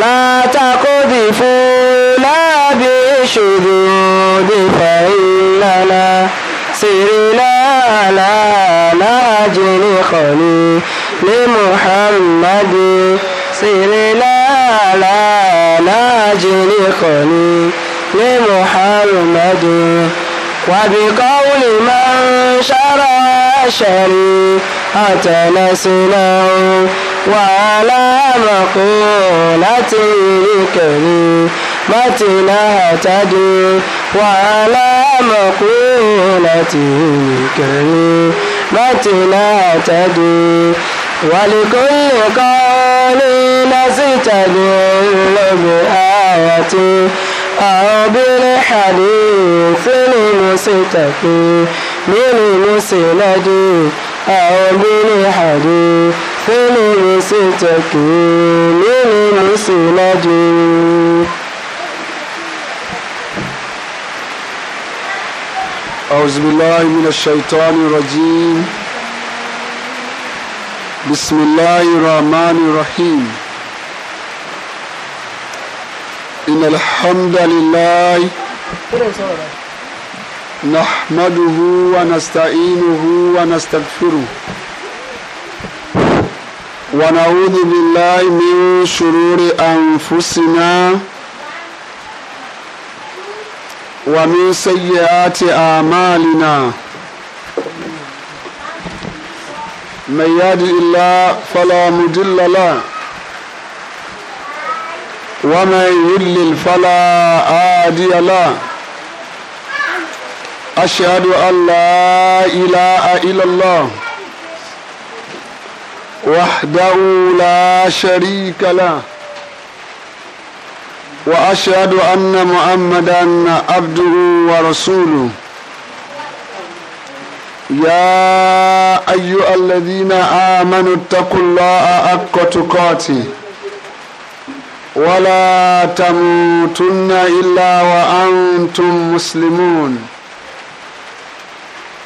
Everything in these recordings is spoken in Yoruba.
látàkóbì fún lábí ìṣòro lè fà ìlànà sèrè lálàlá jìnnì kọ̀ọ̀ni ní muhammadu sèrè lálàlá jìnnì kọ̀ọ̀ni ní muhammadu wàbí kọ́wùlì máa ń ṣàrà ṣẹ̀rí àtẹ̀lẹ́sìn náà. وعلى مقولة بكريمة نهتدي وعلى مقولة بكريمة نهتدي ولكل قول نستدل بآية أو بالحديث المستقيم بالمسند أو بالحديث mimi sitaki, mimi sinajui. أعوذ بالله من الشيطان الرجيم بسم الله الرحمن الرحيم إن الحمد لله نحمده ونستعينه ونستغفره ونعوذ بالله من شرور أنفسنا ومن سيئات أعمالنا من يهد الله فلا مضل له ومن يضلل فلا هادي له أشهد أن لا إله إلا الله وحده لا شريك له واشهد ان محمدا عبده ورسوله يا ايها الذين امنوا اتقوا الله حق تقاته ولا تموتن الا وانتم مسلمون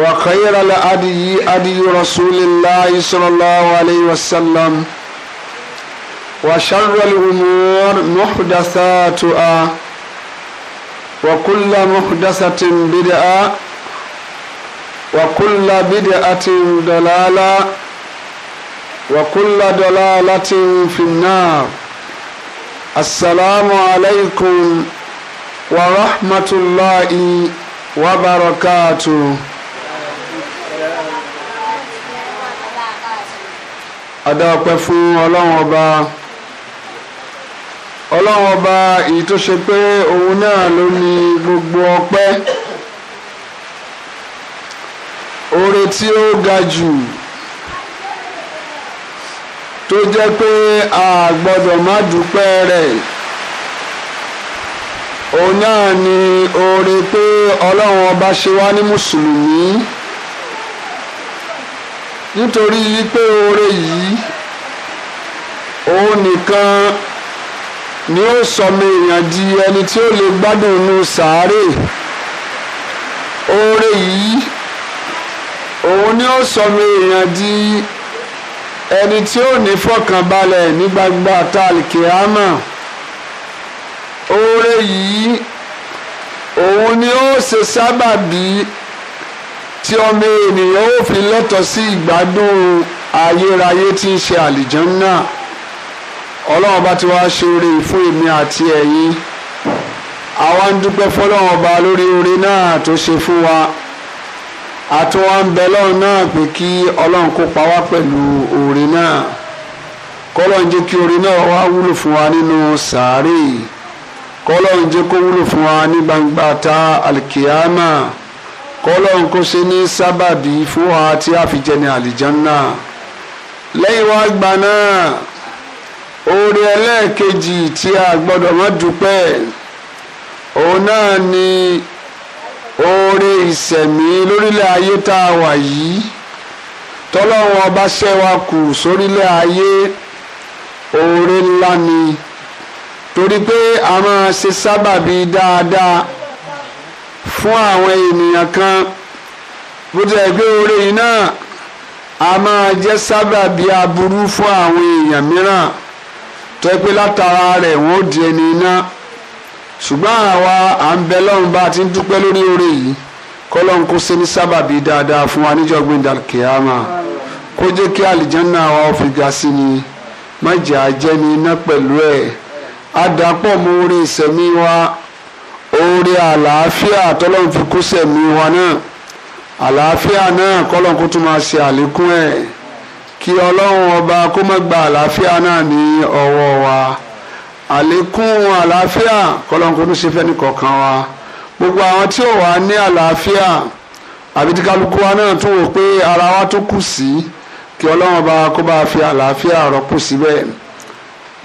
وخير الأدي أدي رسول الله صلى الله عليه وسلم وشر الأمور محدثاتها وكل محدثة بدعة وكل بدعة دلالة وكل دلالة في النار السلام عليكم ورحمة الله وبركاته adá ọpẹ́ fún ọlọ́run ọba ọlọ́run ọba èyí tó ṣe pé òun náà ló ní gbogbo ọpẹ́ oore tí ó ga jù tó jẹ́ pé a gbọ́dọ̀ má dúpẹ́ rẹ̀ òun náà ni oore pé ọlọ́run ọba ṣe wá ní mùsùlùmí nítorí pé oore yìí òun nìkan ni ó sọmọ èèyàn di ẹni tí ó lè gbádùn inú sàárè oore yìí òun ni ó sọmọ èèyàn di ẹni tí ó ní fọkànbalẹ̀ ní gbangba tálkìámà oore yìí òun ni ó ṣe sábàbí tí ọmọ ènìyàn ó fi lẹ́tọ̀ọ́ sí ìgbádùn ayérayé tí ń ṣe àlìjánná ọlọ́run bá ti wá ṣe oore fún èmi àti ẹ̀yin àwa ń dúpẹ́ fọlọ́run ọba lórí oore náà tó ṣe fún wa àtúwà ń bẹ lọ́run náà pé kí ọlọ́run kó pa wá pẹ̀lú oore náà kọ́lọ́run jẹ́ kí oore náà wá wúlò fún wa nínú sàárè kọ́lọ́run jẹ́ kó wúlò fún wa ní gbangba ta alkiyama kọ́lọ́run kó ṣe ní sábàbí fún wa tí a fi jẹ ní àlìjánná lẹ́yìn wá gbà náà oore ẹlẹ́ẹ̀kejì tí a gbọ́dọ̀ má dúpẹ́ òun náà ni oore ìṣẹ̀mí lórílẹ̀ ayé tá a wà yìí tọ́lọ́run ọba ṣẹ́ wa kù sórílẹ̀ ayé oore ńlá ni torí pé a máa ṣe sábàbí dáadáa fún àwọn ènìyàn kan bó tilẹ̀ gbé oore yìí náà a máa jẹ́ sábàbí aburú fún àwọn èèyàn mìíràn tó yẹ pé látara rẹ̀ wọ́n ó di ẹni iná ṣùgbọ́n àwa à ń bẹ lọ́run bá a ti ń dúpẹ́ lórí oore yìí kọ́lọ́run kó ṣe ní sábàbí dáadáa fún wa níjọ́ gbẹ̀ndà kìámà kó jẹ́ kí àlìjánná wa ó fi ga sí ni má jẹ́ àjẹ́ ni iná pẹ̀lú ẹ̀ àdàpọ̀ mọ́ orí ìsẹ̀mí wa oore àlàáfíà tọ́lọ́run fi kú sẹ̀mí wa náà àlàáfíà náà kọ́lọ́n kó tún máa ṣe àlékún ẹ̀ kí ọlọ́run ọba kó má gba àlàáfíà náà ní ọwọ́ wa àlékún àlàáfíà kọ́lọ́n kó tún ṣe fẹ́ nìkọ̀ọ̀kan wa gbogbo àwọn tí ò wá ní àlàáfíà àbí tí kálukú wa náà tún wò pé ara wa tó kù sí kí ọlọ́run ọba kó bá fi àlàáfíà rọ́pò síbẹ̀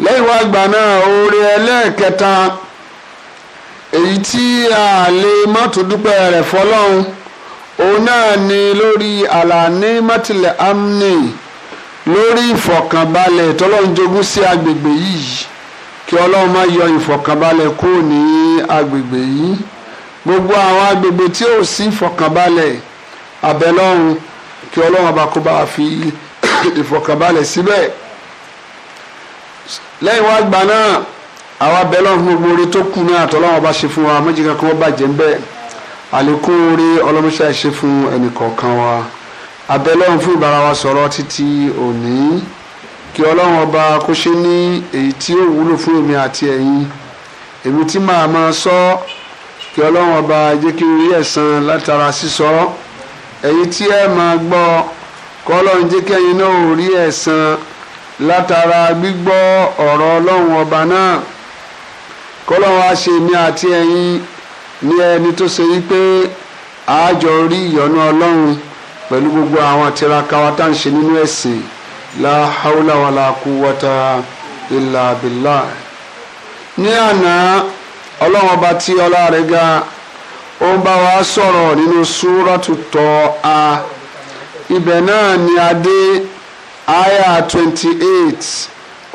lẹ́yìn wá gbà náà oore ẹlẹ́ẹ̀kẹta èyí tí a lè má tó dúpẹ́ rẹ̀ fọlọ́run òun náà ni lórí àlàní mọ́tìlẹ̀ amni lórí ìfọ̀kànbalẹ̀ tọ́lọ́run jogún sí agbègbè yìí kí ọlọ́run má yọ ìfọ̀kànbalẹ̀ kúrò ní agbègbè yìí gbogbo àwọn agbègbè tí ò sí ìfọ̀kànbalẹ̀ abẹ́lọ́run kí ọlọ́run ọba fi ìfọ̀kànbalẹ̀ síbẹ̀ lẹ́yìn wá gbà náà àwa bẹ lọ́run fún gbogbo oore tó kù ní àtọ́lọ́wọ́n bá ṣe fún wa méjìká kan wọ́n bàjẹ́ ńbẹ́ àlékún oore ọlọ́mọṣẹ́ ṣe fún ẹnì kọ̀ọ̀kan wa abẹ lọ́run fún ìbára wa sọ̀rọ̀ títí òní kí ọlọ́run ọba kó ṣe ní èyí tí ó wúlò fún èmi àti ẹ̀yin èmi tí màá máa sọ kí ọlọ́run ọba jẹ́ kí orí ẹ̀san látara sísọ ẹ̀yin tí ẹ máa gbọ́ kọ́ ọlọ́run jẹ́ kí ẹ̀yin látara gbígbọ́ ọ̀rọ̀ ọlọ́run ọba náà kọ́lọ́wọ́ á ṣe ní àti ẹ̀yin ní ẹni tó ṣe yí pé àájọ rí ìyọ́nú ọlọ́run pẹ̀lú gbogbo àwọn tiraka wa tá à ń ṣe nínú ẹ̀sìn la haúlà wà la quwwata illa billah. ní àná ọlọ́run ọba tí ọlá rẹ̀ ga ó ń bá wa sọ̀rọ̀ nínú súrọ́tù tọ́ a ibẹ̀ náà ni adé aya twenty eight.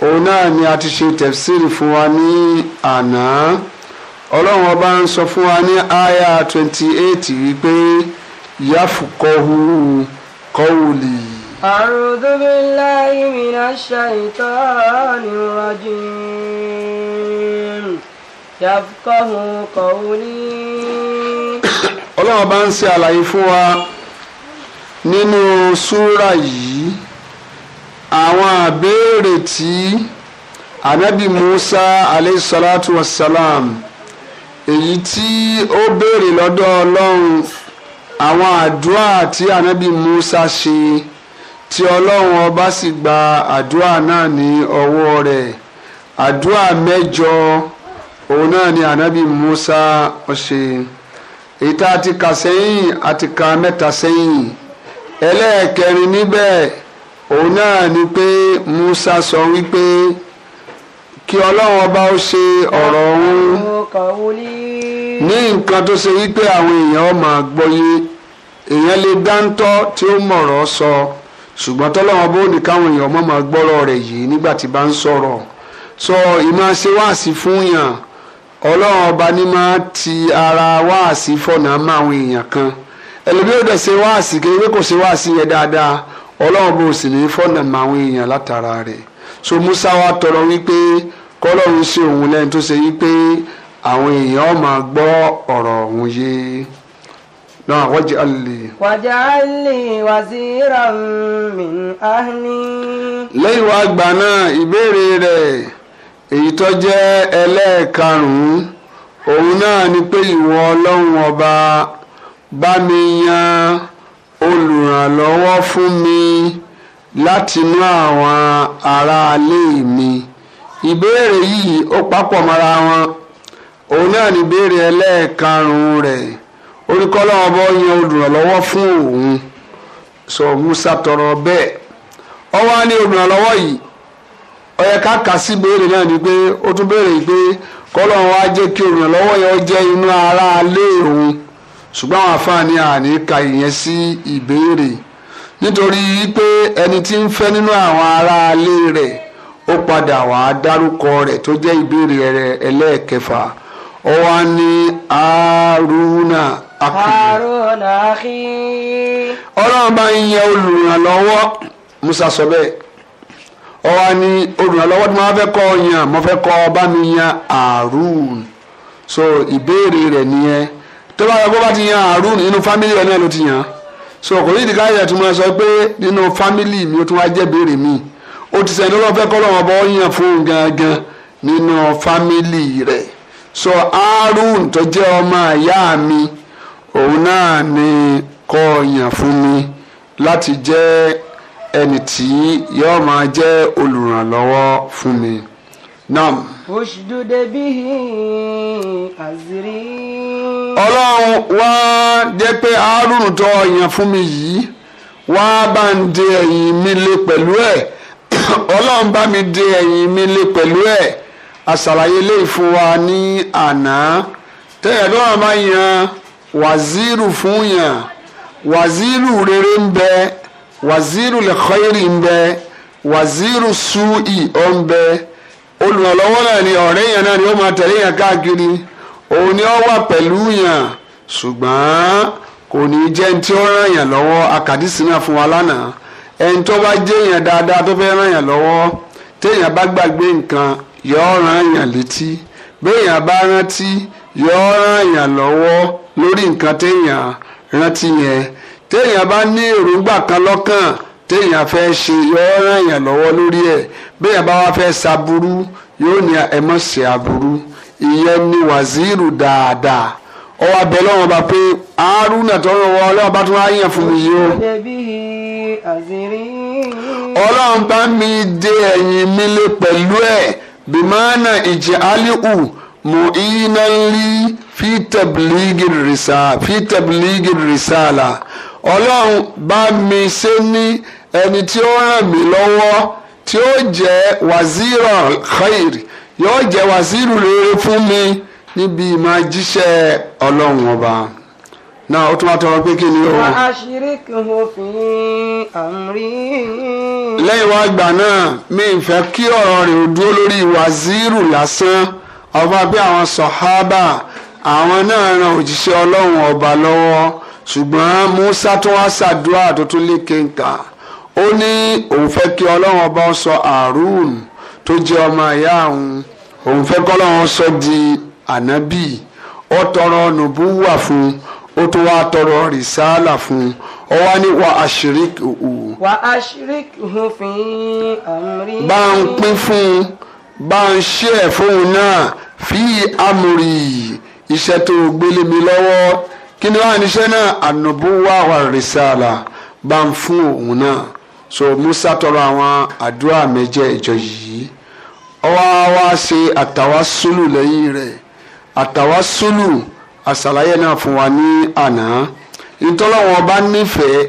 òun náà ni a ti ṣe tẹ̀fsírì fún wa ní àná ọlọ́run ọba ń sọ fún wa ní aya twenty eight wípé yáfùkọ́hu kọ́wùlì. A'udhu billahi minash shaitani rajim yáfùkọ́hu kọ́wùlì. ọlọ́run ọba ń ṣe àlàyé fún wa nínú súrà yìí. àwọn àbéèrè tí anabi musa aleyhisalatu wasalam èyí tí ó béèrè lọ́dọ̀ ọlọ́run àwọn àdúrà tí anabi musa ṣe tí ọlọ́run ọba sì gba àdúrà náà ní ọwọ́ rẹ̀ àdúrà mẹ́jọ òun náà ni anabi musa ṣe èyí tá a ti kà sẹ́yìn àti kà mẹ́ta sẹ́yìn ẹlẹ́ẹ̀kẹrin níbẹ̀ òun náà ni pé Musa sọ wípé kí ọlọ́run ọba ó ṣe ọ̀rọ̀ òun ní nǹkan tó ṣe wípé àwọn èèyàn máa gbọ́yé èèyàn lè dáńtọ́ tí ó mọ̀rọ̀ sọ ṣùgbọ́n tọ́lọ́wọ́n bó ní káwọn èèyàn mọ̀ máa gbọ́rọ̀ rẹ̀ yìí nígbà tí bá ń sọ̀rọ̀ sọ ìmáṣe wáàsí fún yàn ọlọ́run ọba ní máa ti ara wáàsí fọ̀nà máa àwọn èèyàn kan ẹlòmíràn dẹ̀ ṣe wáàsí kékeré kò ṣe wáàsí yẹn dáadáa ọlọ́run bó sì ní fọ́nà mọ àwọn èèyàn látara rẹ̀ so Musa wa tọrọ wípé kọ́lọ́run ṣe òun lẹ́yìn tó ṣe wípé àwọn èèyàn máa gbọ́ ọ̀rọ̀ òun yé náà waj'al li. waj'al li waziran min ahli. lẹ́yìn wá gbà náà ìbéèrè rẹ̀ èyí tó jẹ́ ẹlẹ́ẹ̀karùn-ún òun náà ni pé ìwọ ọlọ́run ọba bá mi yan olùrànlọ́wọ́ fún mi látinú àwọn aráalé mi ìbéèrè yìí ó papọ̀ mọ́ra wọn òun náà ní béèrè ẹlẹ́ẹ̀karùn-ún rẹ̀ orúkọ lọ́wọ́ bọ́ yan olùrànlọ́wọ́ fún òun sọ Musa tọrọ bẹ́ẹ̀ ọwọ́ á ní olùrànlọ́wọ́ yìí ni pé ó tún béèrè pé kọ́lọ́run wá jẹ́ kí olùrànlọ́wọ́ yẹn ó jẹ́ inú ṣùgbọ́n àwọn àfáàní àní ka ìyẹn sí ìbéèrè nítorí pé ẹni tí ń fẹ́ nínú àwọn aráalé rẹ̀ ó padà wàá dárúkọ rẹ̀ tó jẹ́ ìbéèrè rẹ̀ ẹlẹ́ẹ̀kẹfà ó wá ní Haruna akhi ọlọ́run bá ń yẹ olùrànlọ́wọ́ Musa sọ bẹ́ẹ̀ ó wá ní olùrànlọ́wọ́ tí wọ́n fẹ́ kọ́ yan mo fẹ́ kọ́ bá mi yan Harun so ìbéèrè rẹ̀ nìyẹn. tó bá yẹ kó bá ti yan àrùn nínú fámìlì ẹ̀ náà ló ti yàn so kò ní ìdíkà yẹ tó máa sọ pé nínú fámìlì mi ó tún wá jẹ́ béèrè mi ó ti sẹ́ni lọ́wọ́ fẹ́ kọ́ lọ́wọ́ bọ́ yàn fún gangan nínú fámìlì rẹ̀ so àrùn tó jẹ́ ọmọ àyá mi òun náà ni kọ́ yàn fún mi láti jẹ́ ẹni tí yóò máa jẹ́ olùrànlọ́wọ́ fún mi. Nam. Oṣùdúdé bíi àzírí. Ọlọ́run wá jẹ́ pé Árùn ọ̀yàn fún mi yìí wá bá ń de ẹ̀yìn mi lé pẹ̀lú ẹ̀ Ọlọ́run bá mi de ẹ̀yìn mi lé pẹ̀lú ẹ̀ àṣàlàyé lè fún wa ní àná tẹ́yẹ̀ tó wà yan wàzírù fún yàn wàzírù rere ń bẹ wàzírù lẹ́kọ́yìrì ń bẹ wàzírù súì ọ̀ ń bẹ. olùrànlọ́wọ́ náà ni ọ̀rẹ́ yẹn náà ni ó máa tẹ̀lé yẹn káàkiri òun ni ó wà pẹ̀lú yẹn ṣùgbọ́n kò ní jẹ́ ní tí ó ràn yẹn lọ́wọ́ akàdísì náà fún wa lánàá ẹni tó bá jẹ́ yẹn dáadáa tó fẹ́ ràn bá gbàgbé nǹkan yọ̀ọ́ ràn yẹn létí béèyàn bá rántí yọ̀ọ́ ràn yẹn lọ́wọ́ lórí nǹkan téèyàn rántí yẹn téèyàn bá ní èròǹgbà kan lọ́kàn téèyàn fẹ́ ṣe yọ̀ọ́ ràn yẹn lórí ẹ̀ bẹ́ẹ̀ bá wá fẹ́ fe yóò ní ẹ ṣe ìyẹn ni wàzírù dáadáa ó wá lọ́wọ́ bá pé àárúnà tọrọ wọ ọlọ́run bá tún wá yàn fún mi yìí o. bá mi dé ẹ̀yìn mi lé pẹ̀lú ẹ̀ bìmọ́nà ìjì mo mọ̀ iná rí fi tẹ̀blígì rìsàlà fi tẹ̀blígì rìsàlà bá mi ṣe ní ẹni tí ó ràn mí lọ́wọ́. tí ó jẹ́ wazira khair yóò jẹ́ waziru rere fún mi níbi máa jíṣẹ́ ọlọ́run ọba náà ó tún wá tọrọ pé kí ni ó. wàá ṣeré kí n fi àmì. lẹ́yìn wá gbà náà mi ì fẹ́ kí ọ̀rọ̀ rẹ̀ ò dúró lórí waziri lásán ọba bí àwọn sọ̀hábà àwọn náà ran òjíṣẹ́ ọlọ́run ọba lọ́wọ́ ṣùgbọ́n Musa tó wá ṣàdúrà tó tún lè kéńkà ó ní òun fẹ́ kí ọlọ́run ọba sọ Àrùn tó jẹ́ ọmọ ìyá òun òun fẹ́ kọ́ ọlọ́run sọ di ànábì ó tọrọ nùbú wà fún ó tún wá tọrọ rìsáàlà fún ó wá ní wà àṣíríkì hù. wà àṣíríkì hù fi àmúrí. bá ń pín fún bá ń ṣe ẹ̀ fóun náà fi àmúrí iṣẹ́ tó gbélé mi lọ́wọ́ kí ni wàá níṣẹ́ náà ànàbó wà wà rìsáàlà bá ń fún òun náà so Musa tọrọ àwọn àdúrà mẹ́jẹ̀ẹ̀jọ yìí ọwọ́ wa ṣe àtàwásùlù lẹ́yìn rẹ̀ àtàwásùlù àṣàlàyé náà fún wa ní àná ìtọ́lọ́wọ́n bá nífẹ̀ẹ́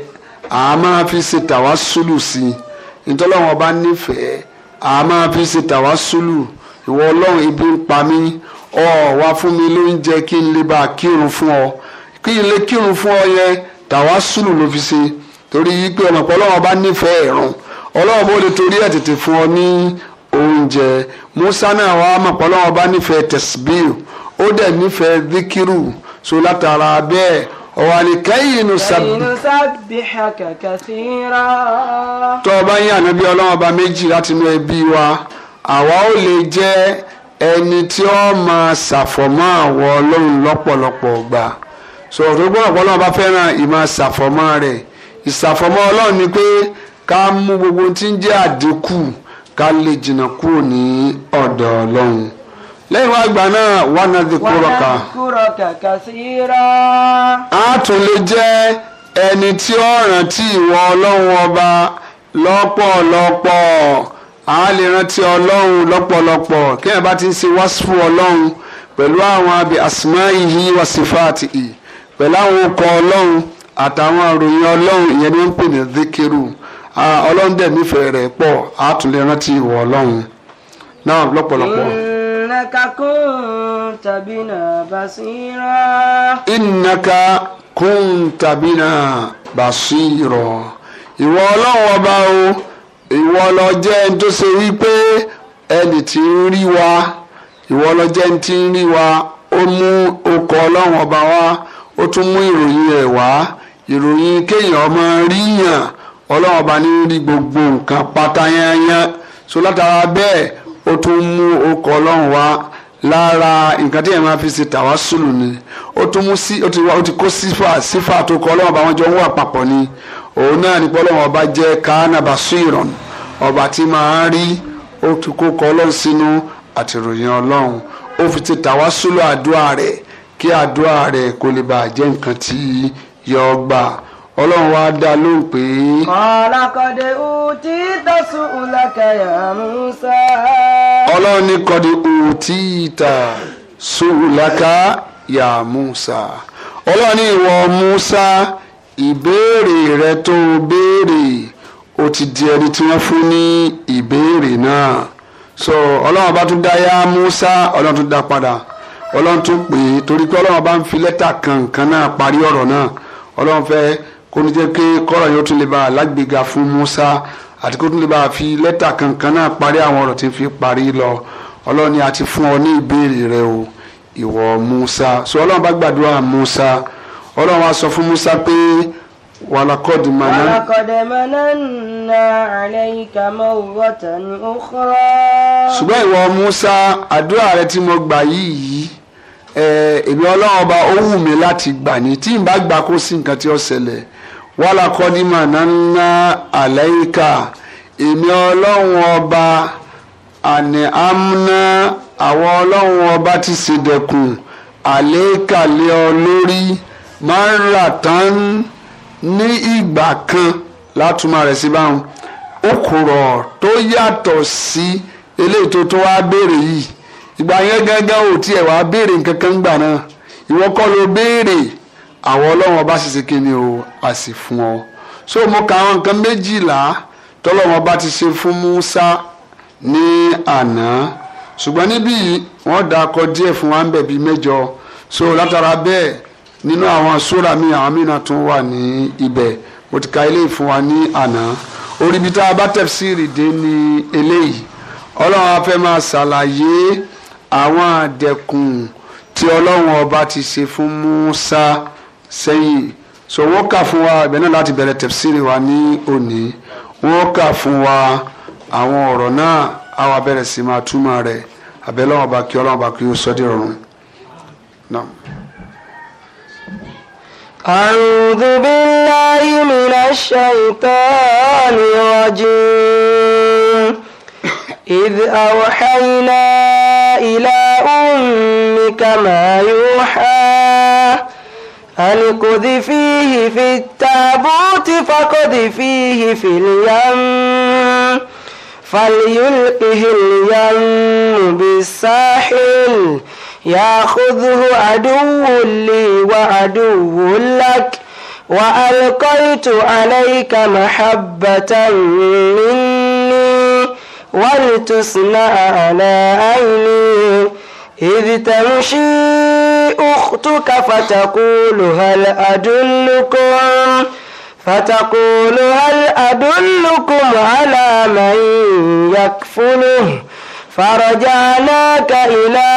a máa fi ṣe tàwásùlù sí i ìtọ́lọ́wọ́n bá nífẹ̀ẹ́ a máa fi ṣe tàwásùlù ìwọ ọlọ́run ibi ń pa mí ọ wá fún mi lóúnjẹ kí n lè bá kírun fún ọ kí n lè kírun fún ọ yẹn tàwásùlù ló fi ṣe torí pé ọmọ pé ọlọ́run bá nífẹ̀ẹ́ ìrun ọlọ́run bó lè torí ẹ̀ tètè fún ọ ní oúnjẹ musa náà wàá mọ̀ pé ọlọ́run bá nífẹ̀ẹ́ tẹ̀síbíù ó dẹ̀ nífẹ̀ẹ́ díkírù so látara bẹ́ẹ̀ ọ̀wà ni kẹ́yìn nusabbihaka kathira. tọ́ ọba yín ànábí ọlọ́run ọba méjì láti inú ẹbí wa àwa ó lè jẹ́ ẹni tí ó máa ṣàfọ̀mọ́ àwọn ọlọ́run lọ́pọ̀lọpọ̀ gbà sọ̀rọ̀ tó gbọ́dọ̀ pọ̀ ọlọ́run bá fẹ́ràn ìmọ̀ ṣàfọ̀mọ́ rẹ̀ ìsàfọ̀mọ́ ọlọ́run ni pé ká mú gbogbo tí ń jẹ́ àdínkù ká lè jìnnà kúrò ní ọ̀dọ̀ ọlọ́run lẹ́yìn wá gbà náà wà náà ti kúrò ká. a tún lè jẹ́ ẹni tí ó rántí ìwọ ọlọ́run ọba lọ́pọ̀lọpọ̀ a lè rántí ọlọ́run lọ́pọ̀lọpọ̀ kí ẹ bá ti ń ṣe wáṣífù ọlọ́run pẹ̀lú àwọn àbí àsìmáyìí wàṣífàtì pẹ̀lú àwọn okọ̀ ọlọ́run àtàwọn àròyìn ọlọ́run ìyẹn ni wọ́n ń pè ní ọlọ́run dẹ̀ nífẹ̀ẹ́ rẹ̀ pọ̀ á rántí ọlọ́run náà lọ́pọ̀lọpọ̀. ìnaka kún tàbí basira. ìnaka sí ọlọ́run ọba o ìwọ jẹ́ ẹni tó ṣe ẹni tí ń rí wa ìwọ jẹ́ ẹni tí ń rí wa ó mú ọlọ́run ọba wa ó tún mú ìròyìn kéèyàn ọmọ ríyàn ọlọ́run ọba ní rí gbogbo nǹkan pátá yányán so látara bẹ́ẹ̀ ó tún mú okọ̀ ọlọ́run wá lára nǹkan tí yẹn máa fi ṣe tàwásùlù ni ó tún mú sí ó ti kó sífà sífà tó kọ ọlọ́run ọba wọn jọ ń wà papọ̀ ni òun náà ní pọ́lọ́run ọba jẹ́ káánàbà suiron ọba tí máa ń rí ó tún kó kọ ọlọ́run sínú àti ìròyìn ọlọ́run ó fi ti tàwásùlù àdúrà rẹ̀ kí àdúrà rẹ̀ kó lè bàa jẹ́ nǹkan tí jẹ́ ọgbà ọlọ́run wa dá lóhùn pé. ọ̀làkọ̀dé òtí tẹ̀sùn lẹ́kẹ̀yà Musa. ọlọ́run ní kọ́dé òtí tà sùlákà yà Musa ọlọ́run ní ìwọ Musa ìbéèrè rẹ tó béèrè O ti di ẹni tí wọ́n fún ní ìbéèrè náà so ọlọ́run bá tún dá yá Musa ọlọ́run tún dá padà ọlọ́run tún pè é torí pé ọlọ́run bá ń fi lẹ́tà kan nǹkan náà parí ọ̀rọ̀ náà ọlọ́run fẹ́ kó ní jẹ́ pé kọ́rọ̀ yóò tún lè bá alágbèéga fún Musa àti kó tún lè bá fi lẹ́tà kankan náà parí àwọn ọ̀rọ̀ tí ń fi parí lọ ọlọ́run ni a ti fún ọ ní ìbéèrè rẹ o ìwọ Musa so ọlọ́run bá gbàdúrà Musa ọlọ́run á sọ fún Musa pé ولقد مننا ولقد مننا عليك مرة أخرى ṣùgbọ́n ìwọ Musa àdúrà rẹ tí mo gbà yìí yìí èmi ọlọ́run ọba ó wù mí láti gbà ní tí n bá gbà kó sí nǹkan tí ó ṣẹlẹ̀ wàhálà kọ́dímà nánà àlẹ́yìká èmi ọlọ́run ọba àní amúná àwọn ọlọ́run ọba ti ṣèdẹ̀kùn àlẹ́kàlẹ́ ọ lórí máa ń rà tán ní ìgbà kan látúmọ̀ rẹ̀ sí báwọn ó kùrọ̀ tó yàtọ̀ sí eléyìí tó tó wá béèrè yìí ìgbà yẹn gángan ò tiẹ̀ wá béèrè nǹkan kan gbà náà ìwọ kọ́ ló béèrè àwọn ọlọ́run ọba sì ṣe o a sì fún ọ so mo ka àwọn nǹkan méjìlá tọ́lọ́run ọba ti ṣe fún Musa ní àná ṣùgbọ́n níbí wọ́n dà kọ díẹ̀ fún wa ń bẹ̀ bíi mẹ́jọ so látara bẹ́ẹ̀ nínú àwọn sóra mi àwọn mìíràn tún wà ní ibẹ̀ mo ti ka eléyìí fún wa ní àná orí ibi tá a bá tẹ̀síìrì dé ní eléyìí ọlọ́run á máa ṣàlàyé àwọn àdẹ̀kùn tí ọlọ́run ọba ti ṣe fún Musa sẹ́yìn so wọ́n kà fún wa ibẹ̀ náà láti bẹ̀rẹ̀ tẹ̀síìrì wa ní òní wọ́n kà fún wa àwọn ọ̀rọ̀ náà á wá bẹ̀rẹ̀ sí máa túmọ̀ rẹ̀ àbẹ̀lọ́wọ̀n ọba kí ọlọ́run ọba kí ó sọ́dí rọrùn. أعوذ بالله من الشيطان الرجيم إذ أوحينا إلى أمك ما يوحى أن قذفيه في التابوت فقذفيه في اليم فليلقه اليم بالساحل ياخذه عدو لي وعدو لك وألقيت عليك محبة مني ولتصنع على عيني إذ تمشي أختك فتقول هل أدلكم فتقول هل أدلكم على من يكفله فرجعناك إلى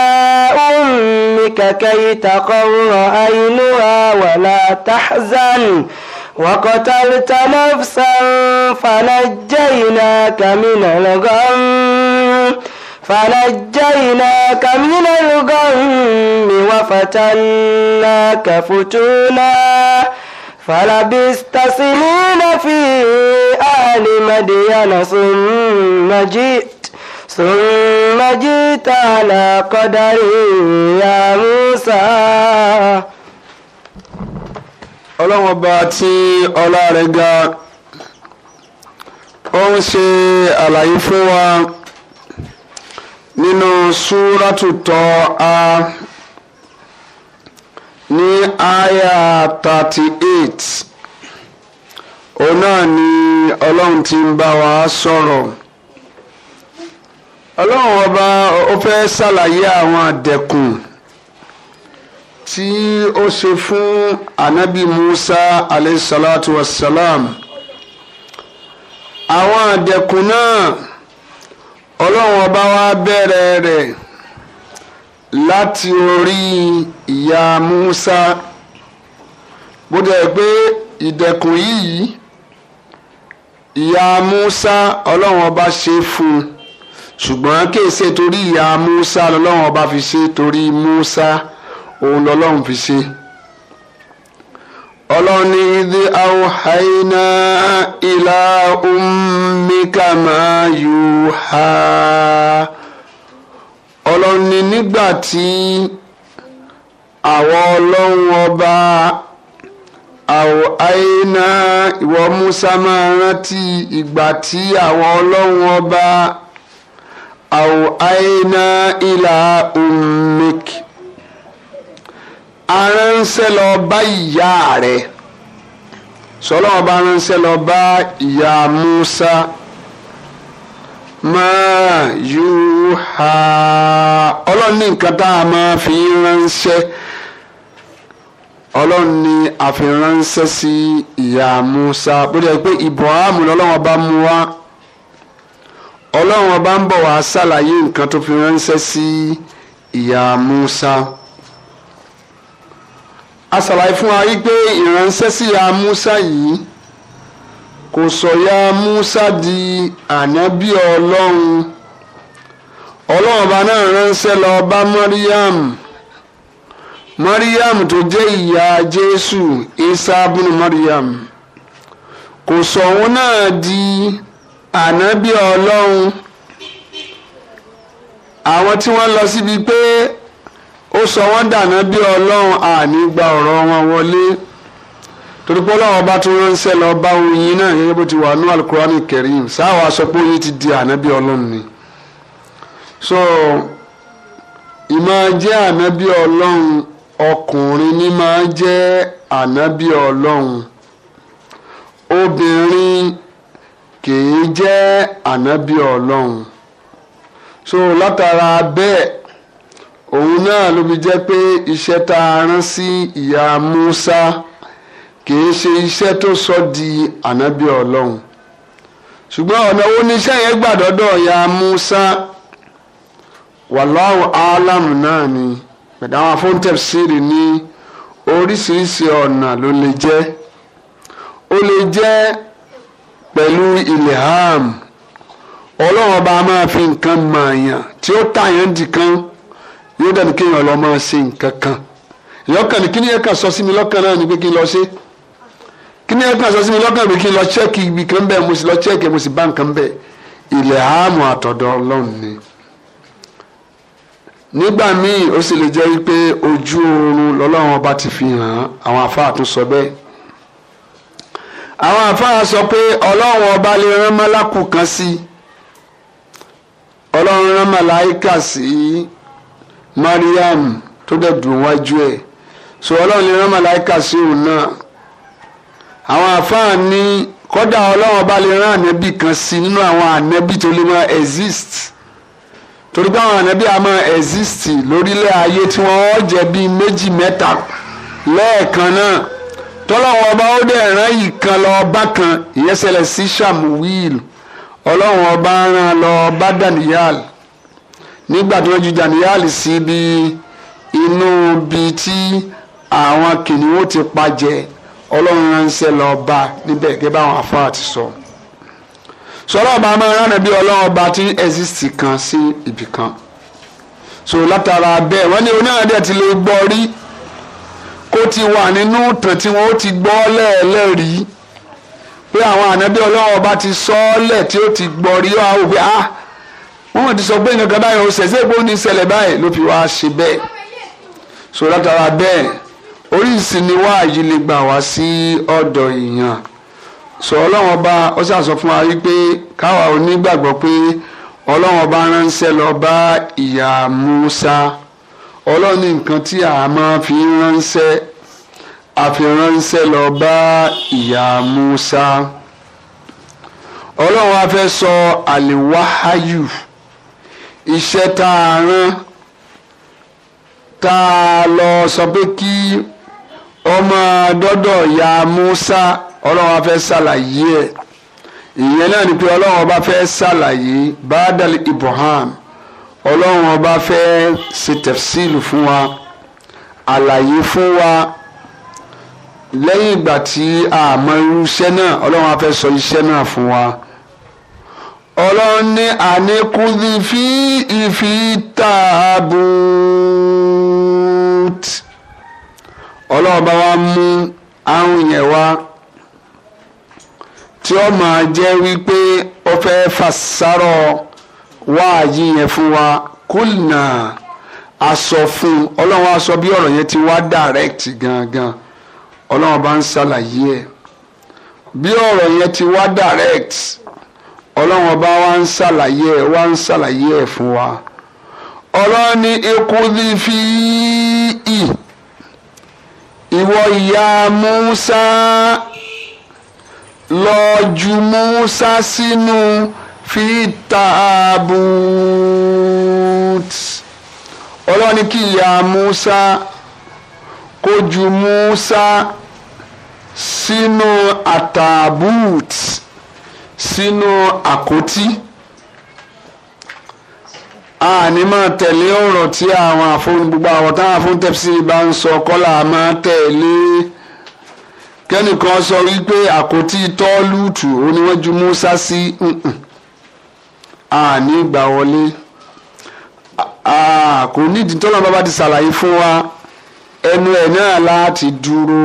أمك كي تقر عينها ولا تحزن وقتلت نفسا فنجيناك من الغم فنجيناك من الغم وفتناك فتونا فلبست سنين في أهل مدين ثم جئت ثم جئت على قدر يا موسى ọlọ́run ọba tí ọlá rẹ̀ ga ó ń ṣe àlàyé fún wa nínú súrátù a ní àyà thirty eight òun náà ni ọlọ́run ti ń bá wa sọ̀rọ̀ ọlọ́run ọba ó fẹ́ ṣàlàyé àwọn àdẹ̀kùn tí ó ṣe fún anabi musa aleyhisalatu wasalam àwọn àdẹ̀kùn náà ọlọ́run ọba wa bẹ̀rẹ̀ rẹ̀ láti orí ìyá musa bó dẹ̀ pé ìdẹ̀kùn yìí ìyá musa ọlọ́run ọba ṣe fún un ṣùgbọ́n kèsè torí ìyá musa lọ́lọ́run ọba fi ṣe torí musa. Musa òun lọ́lọ́run fi ṣe ọlọ́run ní ìdí àwòháyínà ìlà ummikama yuha ọlọ́run ní nígbà tí àwọn ọlọ́run ọba àwòháyínà ìwọ Musa máa rántí ìgbà tí àwọn ọlọ́run ọba àwòháyínà ìlà ummikama aránṣẹ́ lọ bá ìyá rẹ̀ sọlọ́wọ́ bá aránṣẹ́ lọ bá ìyá Musa máa yóò ha ọlọ́run ní nǹkan tá a máa fi ránṣẹ́ ọlọ́run ní a sí ìyá Musa bó dẹ̀ pé Ibrahim lọ́lọ́wọ́ bá mú wá ọlọ́run ọba ń bọ̀ wá ṣàlàyé nǹkan tó fi ránṣẹ́ sí ìyá Musa a ṣàlàyé fún wa wípé ìránṣẹ́ sí ya Musa yìí kò sọ ya Musa di ànábì ọlọ́run ọlọ́run ọba náà ránṣẹ́ lọ bá Mariam Mariam tó jẹ́ ìyá Jésù Isa bùnú Mariam kò sọ òun náà di ànábì ọlọ́run àwọn tí wọ́n lọ síbi pé ó sọ wọ́n dànù bí ọlọ́run àní gba ọ̀rọ̀ wọn wọlé torí pé ọlọ́run ọba tó ránṣẹ́ lọ bá oyin náà gẹ́gẹ́ bó ti wà ní alukurani kẹrim sáwà sọ pé oyin ti di ànábì ọlọ́run ni so ìmọ̀ jẹ́ ànábì ọlọ́run ọkùnrin ni máa jẹ́ ànábì ọlọ́run obìnrin kìí jẹ́ ànábì ọlọ́run so látara bẹ́ẹ̀ òun náà ló fi jẹ́ pé iṣẹ́ tá a rán sí ìyá Musa kìí ṣe iṣẹ́ tó sọ di ànábì ọlọ́run ṣùgbọ́n ọ̀nà wo ni iṣẹ́ yẹn gbà dọ́dọ̀ ìyá Musa wàláhù alámù náà ni pẹ̀lú àwọn afọ́ńtẹ̀síìrì ní oríṣiríṣi ọ̀nà ló lè jẹ́ ó lè jẹ́ pẹ̀lú ilham ọlọ́run ọba máa fi nǹkan mọ̀ àyàn tí ó tàyàn dì kan yóò dàbí kéèyàn lọ máa ṣe nǹkan kan lọ́kàn ní kíni yẹn kàn sọ sí mi lọ́kàn náà ni pé kí n lọ ṣe kíni yẹn kàn sọ sí mi lọ́kàn pé kí n lọ ṣẹ́ẹ̀kì ibi kan bẹ́ẹ̀ mo sì lọ ṣẹ́ẹ̀kì mo sì bá nǹkan bẹ́ẹ̀ ilẹ̀ àmọ́ àtọ̀dọ̀ ọlọ́run ni nígbà míì ó sì lè jẹ́ wípé ojú oorun lọ́lọ́run ọba ti fi hàn àwọn àfáà tún sọ bẹ́ẹ̀ àwọn àfáà sọ pé ọlọ́run ọba lè rán málákù kan sí ọlọ́run rán màláìkà sí i Mariam tó dẹ̀ dùn wájú ẹ̀ so ọlọ́run lè rán màláìka sí òun náà àwọn àfáà ní kódà ọlọ́run ọba lè rán ànẹ́bì kan sí nínú àwọn ànẹ́bì tó lè máa exist torí pé àwọn ànẹ́bì á máa exist lórílẹ̀ ayé tí wọ́n jẹ́ bíi méjì mẹ́ta lẹ́ẹ̀kan náà tọ́lọ́run ọba ó dẹ̀ rán ìkan lọ bá kan ìyẹn sí Samuel ọlọ́run ọba rán lọ bá Daniel nígbà tí wọ́n ju jàndíyàlì sí bí inú bí tí àwọn kìnìún ti pa jẹ ọlọ́run ránṣẹ́ lọ bá níbẹ̀ gẹ́gẹ́ báwọn afárá ti sọ. sọ ọlọ́run bá máa rán ẹbí ọlọ́run ọba tí exist kan sí ibì kan. so látara bẹ́ẹ̀ wọ́n ní oníhàndẹ̀ ti lè gbọ́ rí kó ti wà nínú ìtàn tí wọ́n ti gbọ́ lẹ́ẹ̀lẹ́rìí pé àwọn ànábí ọlọ́run ọba ti sọ tí ó ti gbọ́ rí ọ́ àwọn òbí ah wọ́n ti sọ pé nǹkan báyìí ó ṣẹ̀ṣẹ̀ pé ó ní ṣẹlẹ̀ báyìí ló fi wá ṣe bẹ́ẹ̀ so látara bẹ́ẹ̀ oríṣi ni wá yìí lè gbà wá sí ọ̀dọ̀ èèyàn sọ ọlọ́run ọba ó ṣàṣọ fún wa wípé káwa ò ní gbàgbọ́ pé ọlọ́run ọba ránṣẹ́ lọ bá ìyá Musa ọlọ́run ní nǹkan tí a máa fi ránṣẹ́ àfiránṣẹ́ lọ bá ìyá Musa ọlọ́run á fẹ́ sọ àlè wáháyù. So, iṣẹ́ tá a rán tá a lọ sọ pé kí ọmọ dọ́dọ̀ ya Musa ọlọ́run afẹ́ ṣàlàyé ẹ̀ ìyẹn náà ni pé ọlọ́run ọba fẹ́ ṣàlàyé bàdàlì Ibrahim ọlọ́run ọba fẹ́ ṣe tẹ̀síìlù fún wa àlàyé fún wa lẹ́yìn ìgbà tí a mọ irú iṣẹ́ náà ọlọ́run afẹ́ sọ iṣẹ́ náà fún wa. ọlọ́run ní àníkúndí fi ìfi tààbùt ọlọ́run bá wa mú àrùn yẹn wá tí ó máa jẹ́ wípé ó fẹ́ fàṣàrọ̀ wáàyí yẹn fún wa kúlìnà a sọ fún ọlọ́run a sọ bí ọ̀rọ̀ yẹn ti wá direct gangan ọlọ́run bá ń ṣàlàyé ẹ̀ bí ọ̀rọ̀ yẹn ti wá direct. ọlọ́run ọba wa ń ṣàlàyé ẹ̀ wa ń ṣàlàyé ẹ̀ fún wa ọlọ́run ní fi ì ìwọ ìyá Musa lọ ju Musa sínú fi taabut ọlọ́run ní kí ìyá Musa kó ju Musa sínú àtàbùtì sínú àkótí a ní máa tẹ̀lé ọ̀rọ̀ tí àwọn àfún gbogbo àwọn táwọn àfún tẹ̀sí bá ń sọ kọ́lá máa tẹ̀lé kẹ́nìkan sọ wípé àkótí tọ́lùtù oníwájú Musa sí a ní gbà wọlé kò nídìí tọ́lọ́ bàbá ti ṣàlàyé fún wa ẹnu ẹ̀ náà láti dúró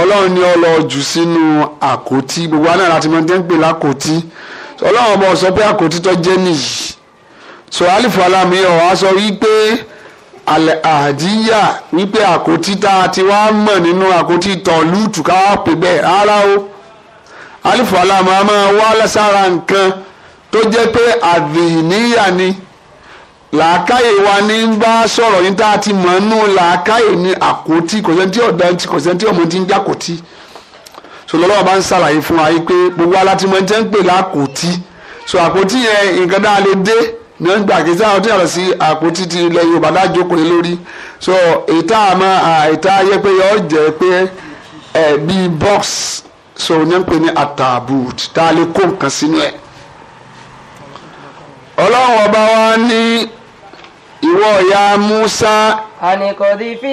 ọlọ́run ni ọlọ́ọ̀jù sínú àkótí gbogbo aná láti mọ tẹ́ ń pè lákòótí ọlọ́run ọba sọ pé àkótí tó jẹ́ nìyí so alifu alami ọ̀hún a sọ wípé alẹ́ àdíyà wípé àkótí tá a ti wá mọ̀ nínú àkótí tọ̀lúùtù ká wá pè bẹ́ẹ̀ rárá o alifu alami a máa wá sára nǹkan tó jẹ́ pé àdìníyà ni làákàyè wa ní ń bá sọ̀rọ̀ yín tá a ti mọ̀ nú làákàyè ní àkótí kò sẹ́ni tí ọ̀dà ti kò sẹ́ni tí ọmọ ti ń jákòtí sọlọ́wọ́ bá ń ṣàlàyé fún wa pé gbogbo alátimọ̀ jẹ́ ń pè lákòtí so àkótí yẹn nǹkan dáa lè dé ní wọ́n gbà kí sáà ọtí yàtọ̀ sí àkótí ti ilẹ̀ Yorùbá dájókòó lé lórí so ètà àmọ́ ètà ayé pé yọ jẹ́ pé ẹ̀ bíi box so ní ń pè ní atabut tá a lè kó nǹkan sínú ẹ̀ ọlọ́run ọba wa ní ìwọ ya Musa. ànìkòdì fi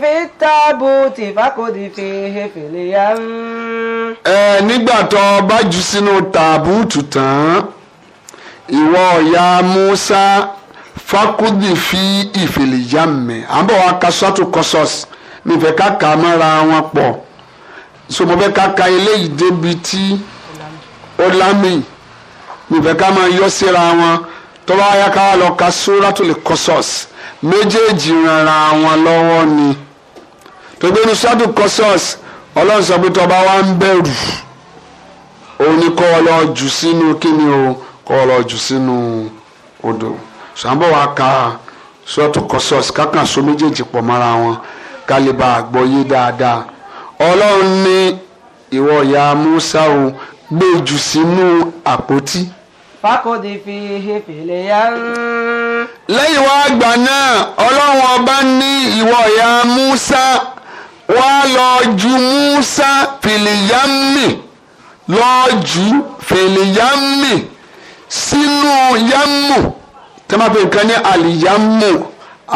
fi tábù tí fàkòdì fi hefèlè yá ń. ẹ nígbà tó o bá jù sínú tàbútù tán ìwọ ìyá Musa fàkòdì fi ìfèlè yá mẹ à ń bọ̀ wá ka sọ́tù kọ́sọ́s nífẹ̀ẹ́ káka mọ́ra wọn pọ̀ so mo fẹ́ káka eléyìí débi tí ó lámì nífẹ̀ẹ́ ká máa yọ síra wọn. tó bá yá ká wá lọ ka suratul Qasas méjèèjì rara wọn lọ́wọ́ ni tóbi ní suratul Qasas ọlọ́run sọ pé tó bá wá ń bẹ̀rù òun ni kọ́ lọ jù sínú kíni o kọ́ ọ lọ jù sínú odò sàmbọ̀ wá ka suratul Qasas kákan so méjèèjì pọ̀ mọ́ra wọn ká lè bá àgbọ́yé dáadáa ọlọ́run ní ìwọ ìyá Musa o gbé jù sínú àpótí. fákòdì fi hèfèlè yá. lẹ́yìn wá àgbà náà ọlọ́run ọba ní ìwọ ìyá Musa wá lọ ju Musa fìlìyàmì lọ ju fìlìyàmì sínú yamu tí wọ́n máa fi nǹkan ní àlìyámù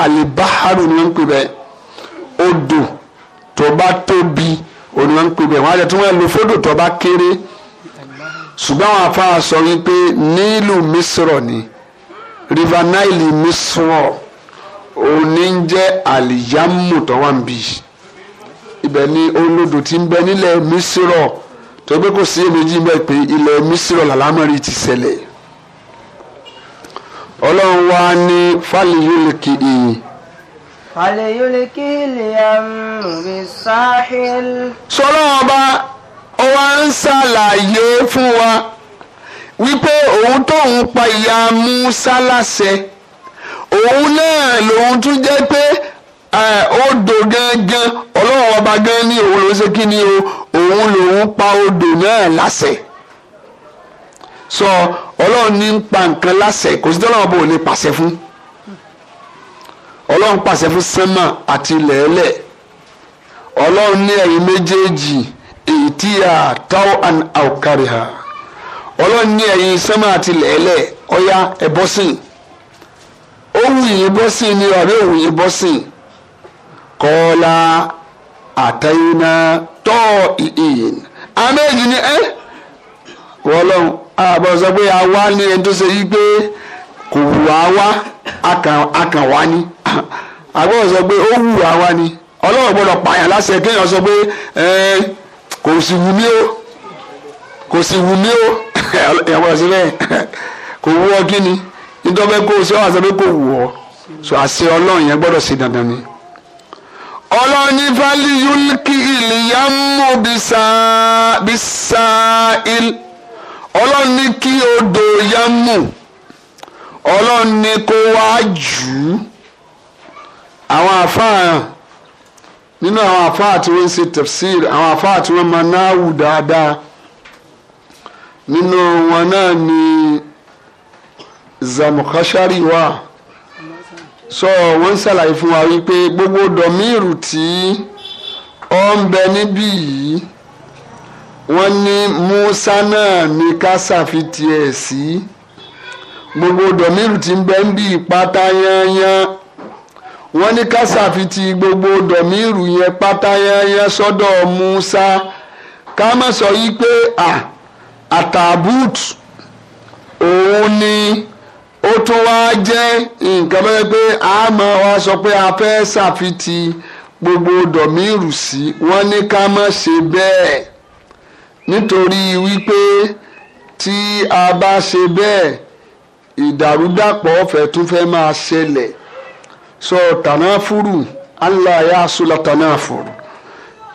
àlìbáhárù ni wọ́n ń pè bẹ́ẹ̀ odò tó bá tóbi òní wọ́n ń pè bẹ́ẹ̀ wọ́n á jẹ́ tí wọ́n lò fódò tó bá kéré ṣùgbọ́n àwọn afáà sọ wípé nílùú misrọ̀ ni river nile misro, òní ń jẹ́ àlìyámù tó wà ń bì ibẹ̀ ni olódò ti ń bẹ nílẹ̀ misrọ̀ tó gbé kò sí èméjì bẹ́ẹ̀ pé ilẹ̀ misrọ̀ làlámọ́rí ti ṣẹlẹ̀ ọlọ́run wa ní fàlìyólèkì ìyìn. fàlìyólèkì ìlẹ̀ àmì rẹ̀ sáhìl. sọlọ́wọ́n bá ó wá ń ṣàlàyé fún wa wípé òun tóun pa ìyá Musa láṣẹ òun náà lòun tún jẹ́ pé odò gangan ọlọ́run ọba gan ni òun ló ṣe kí ni o òun lòun pa odò náà láṣẹ sọ ọlọ́run ní ń pa nǹkan láṣẹ kò sí tọ́lọ́run bò lè pàṣẹ fún ọlọ́run pàṣẹ fún sánmà àti lẹ́ẹ̀lẹ̀ ọlọ́run ní ẹ̀yìn méjèèjì. ìtìyà tawan and ọlọ́run ní ẹ̀yin sẹ́mà àti ẹ̀bọ́sìn bọ́sìn ni ọ̀rẹ́ òwù yín bọ́sìn kọ́lá àtẹ̀yìnà tọ́ ìhìn ni ẹ́ wọ́lọ́run àbọ̀ pé àwa ní ẹni tó ṣe yí pé kò wù wá wá wá awa àbọ̀ pé ó wù wá ni ọlọ́run kò sì wù mí o kò sì wù mí o èèyàn bọ̀ sí bẹ́ẹ̀ kò wù ọ kí ni nítorí kó o ṣe wà kò wù ọ so àṣẹ ọlọ́run yẹn gbọ́dọ̀ sí dandan ni. ọlọ́ni fali yulki ìlìyàmú bisail ọlọ́ni kí odò yamu ọlọ́ni kó wá jù ú àwọn àfáà nínú àwọn àfáà tí wọ́n ń ṣe tafsir àwọn àfáà tí wọ́n máa náwù dáadáa nínú wọn náà ni zamukashari wà sọ wọ́n ṣàlàyé fún wa wípé gbogbo dọ̀míìrù tí ó ń bẹ níbí yìí wọ́n ní Musa náà ní ká ṣàfitì ẹ̀ sí gbogbo dọ̀míìrù tí ń bẹ níbí pátá yányán wọ́n ní ká ṣàfitì gbogbo dọ̀míìrù yẹn pátá yẹn sọ́dọ̀ Musa ká má sọ yí pé àtàbùt òun ni ó tún wá jẹ́ nǹkan bẹ́ẹ̀ pé a máa wá sọ pé a fẹ́ ṣàfitì gbogbo dọ̀míìrù sí wọ́n ní ká má ṣe bẹ́ẹ̀ nítorí wípé tí a bá ṣe bẹ́ẹ̀ ìdàrúdàpọ̀ ọ̀fẹ́ tún fẹ́ máa ṣẹlẹ̀ so tanafuru allah ya sula tanafuru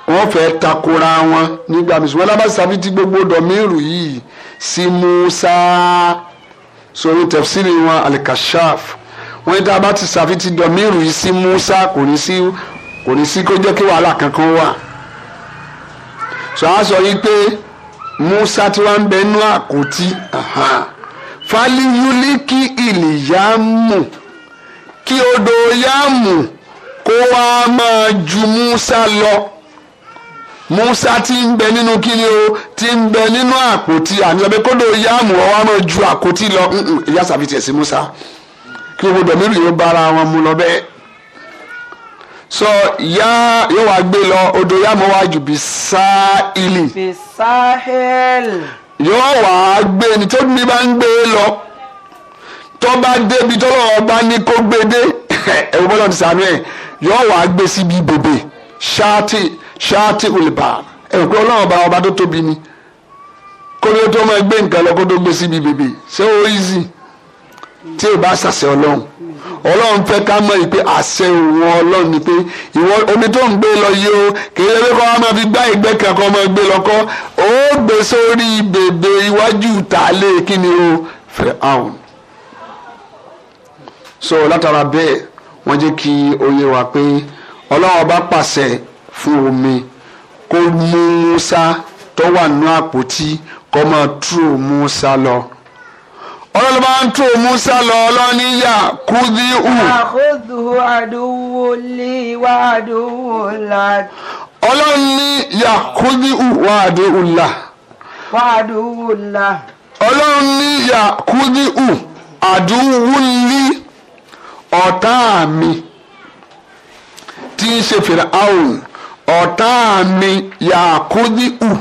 wọn fẹ́ takora wọn nígbà mísùn wọn lábàá sábì tí gbogbo dọmíìrù yìí sí musa sori tẹfsiri wọn alikashaf wọn ní tá a bá ti sábì tí dọmíìrù yìí sí musa kò ní sí kò ní sí kó jẹ́ kí wàhálà kankan wà so a sọ yìí pé musa tí wọn ń bẹ nú àkótí fáliyúlíkì ìlìyàmù kí odò yáàmù kó wá máa ju Musa lọ Musa ti ń bẹ nínú kíni o ti ń bẹ nínú àpótí àníyànbẹ kódò yáàmù ọwọ́ á ju àpótí lọ ìyá sàfitì ẹ̀ Musa kí gbogbo dọ̀míìrì yóò bára wọn mu lọ bẹ́ẹ̀ so ya yóò wá gbé lọ odò ya mọ wá jù bí sáìlì. yóò wá gbé ni tó bá ń gbé lọ tọ́ba débi tọ́lọ́wọ́ ọba ní kó gbé dé ẹ̀rù bọ́lá ti sànú ẹ̀ yọ̀ọ́ wàá gbé síbi bèbè ṣáàtì ṣáàtì olùbà ẹ̀rù pé ọlọ́run ọba ọba tó tóbi ni kóni tó máa gbé nǹkan lọ kó tó gbé síbi bèbè ṣé ó easy tí ò bá ṣàṣẹ ọlọ́run ọlọ́run fẹ́ ká mọ̀ pé àṣẹ òun ọlọ́run ni pé ìwọ omi tó ń gbé lọ yìí o kìí ṣe pé kọ́ máa fi gbá ìgbẹ́ kan kọ́ máa gbé lọ kọ́ ó gbé sórí bèbè iwájú ìtàlẹ́ kíni o fẹ́ àwọn so látara bẹ́ẹ̀ wọ́n jẹ́ kí ó yé wa pé ọlọ́run ọba pàṣẹ fún omi kó mú Musa tó wà nínú àpótí kó máa tú Musa lọ ọlọ́run bá ń tú Musa lọ ọlọ́ni yà kúdí hù. àkóso àdúgbò lè wá àdúgbò là. ọlọ́run ní yà kúdí hù wá àdúgbò là. wá àdúgbò là. ọlọ́run ní yà kúdí hù àdúgbò lè. ọ̀tá mi tí í ṣe Fìràáhùn ọ̀tá mi Yakudiu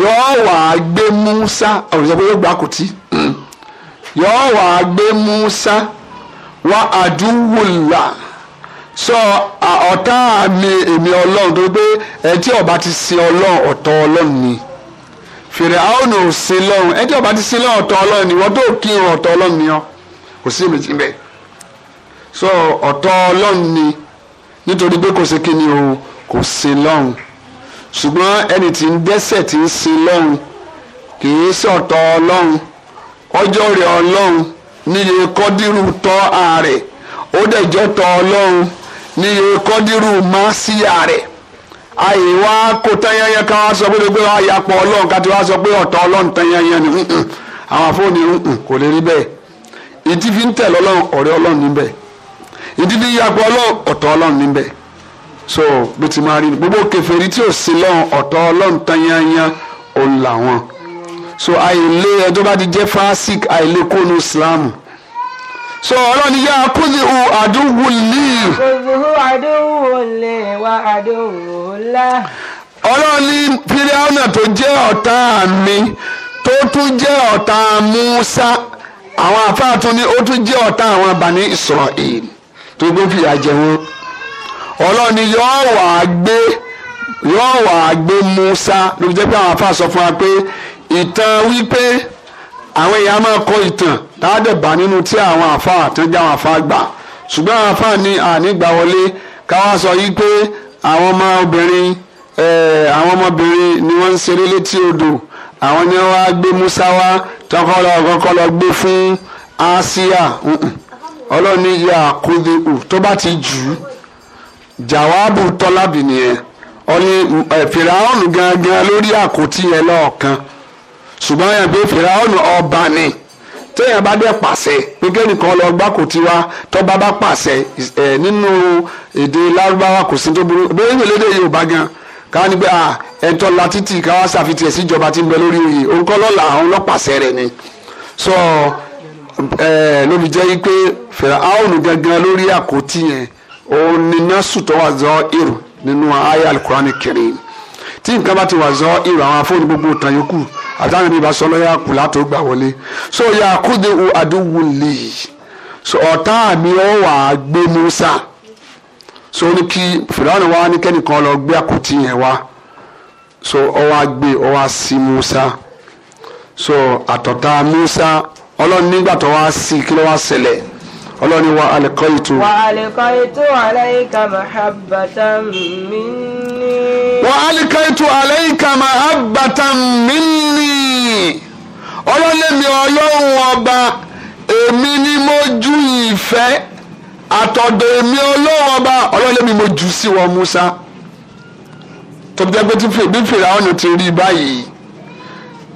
yóò wá gbé Musa ọ̀rọ̀ pé yóò gbá kùtì yóò gbé Musa wá sọ ọ̀tá mi èmi ọlọ́run tó gbé ọba ti sin ọlọ́run ọ̀tọ̀ ọlọ́run ni ò sin lọ́run ọba ti sin lọ́run ọ̀tọ̀ ọlọ́run ni wọ́n tó kí ọ̀tọ̀ ọlọ́run ni ọ kò so ọ̀tọ̀ ọlọ́run ni nítorí pé kò ṣe kí o kò ṣe lọ́run ṣùgbọ́n ẹni tí ń dẹ́ṣẹ̀ tí ń ṣe lọ́run kì í ṣọ̀tọ̀ ọlọ́run ọjọ́ rẹ̀ ọlọ́run níye kọ́dírù tọ́ ààrẹ ó dẹ̀jọ́ tọ́ ọlọ́run níye kọ́dírù má sí ààrẹ àyè wá kó tẹ́yẹ́yẹ́ ká sọ pé gbogbo àyàpọ̀ ọlọ́run ká ti wá sọ pé ọ̀tọ̀ ọlọ́run tẹ́yẹ́yẹ́ ni àwọn afọ́ni kò lè rí bẹ́ẹ̀ ìdí fi ń tẹ̀ lọ́lọ́run ọ̀rẹ́ ọlọ́run níbẹ̀ ìdílé yàgbọ́ ọ̀tọ̀ ọlọ́run níbẹ̀ so bó ti máa rí ni gbogbo kèfèrí tí ò sí lọ́run ọ̀tọ̀ ọlọ́run tán yányán òun làwọn so àìlé ẹjọ́ bá ti jẹ́ fásik àìlé kónú islam so ọlọ́run yá kúndì hu àdúgbò lè. kúndì hu àdúgbò lè wá àdúgbò lá. ọlọ́run ní fíríàwọ̀nà tó jẹ́ ọ̀tá mi tó tún jẹ́ ọ̀tá Musa àwọn àfáà tún ní ó tún jẹ́ ọ̀tá àwọn Bani Israel tó gbé fìyà jẹ wọn ọlọ́run ni yóò wà á gbé yóò wà á gbé Musa ló fi jẹ́ pé àwọn afáà sọ fún wa pé ìtàn wípé àwọn èèyàn máa kọ ìtàn dáadẹ́bà nínú tí àwọn afáà tó jẹ́ àwọn afáà gbà ṣùgbọ́n àwọn afáà ní ànígbà wọlé káwá sọ yìí pé àwọn ọmọ obìnrin àwọn ọmọbìnrin ni wọ́n ń ṣeré létí odò àwọn ni wọ́n wá gbé Musa wá tọkọlọ kọkọlọ gbé fún Asia. Mm -mm ọlọ́run ní yá àkóde ò tó bá ti jù ú jàwáàbù tọ́lábì nìyẹn ọ̀ní fìràhónù gangan lórí àkótí yẹn lọ́ọ̀kan ṣùgbọ́n yẹn pé fìràhónù ọba ni téèyàn bá dẹ̀ pàṣẹ pé kẹ́nìkan lọ gbá kò tiwa tọ́ba bá pàṣẹ ẹ̀ nínú èdè lárúbáwá kò sí tó burú bẹ́ẹ̀ ní èlédè yorùbá gan ká ní pé à ẹ̀ńtọ́ la títì ká wá ẹ̀ síjọba tí ń bẹ lórí oyè òǹkọ́ lọ́la àwọn ọlọ́pàṣẹ rẹ̀ ni. sọ so, ló fi jẹ́ pé fìràhánù gangan lórí àkótí yẹn òun ni násù tó wà zọ ìrù nínú àyá alukurani kẹrin tí nǹkan bá ti wà zọ ìrù àwọn afọ́nù gbogbo ìtàn yòókù àtàwọn ìbá sọlọ yà kù látò gbà wọlé so yà kúndé hu àdúgbò lè so ọ̀tá mi ọ̀ wà gbé musa so ní kí fìràhánù wa ní kẹ́nìkan lọ gbé àkótí yẹn wá so ọ wá gbé ọ wá sí musa so àtọ̀tá musa ọlọ́run nígbà tó wá sí kí ló wá ṣẹlẹ̀ ọlọ́run ni wa alqaitu. wa alqaitu alayka mahabbatan minni. wa alqaitu alayka mahabbatan minni. ọlọ́lẹ́mi ọlọ́run ọba èmi ni mo ju ìfẹ́ àtọ̀dọ̀ èmi ọlọ́run ọba ọlọ́lẹ́mi mo jù sí wọn Musa. tọ́jú ẹgbẹ́ tí bí fèrè àwọn ti rí báyìí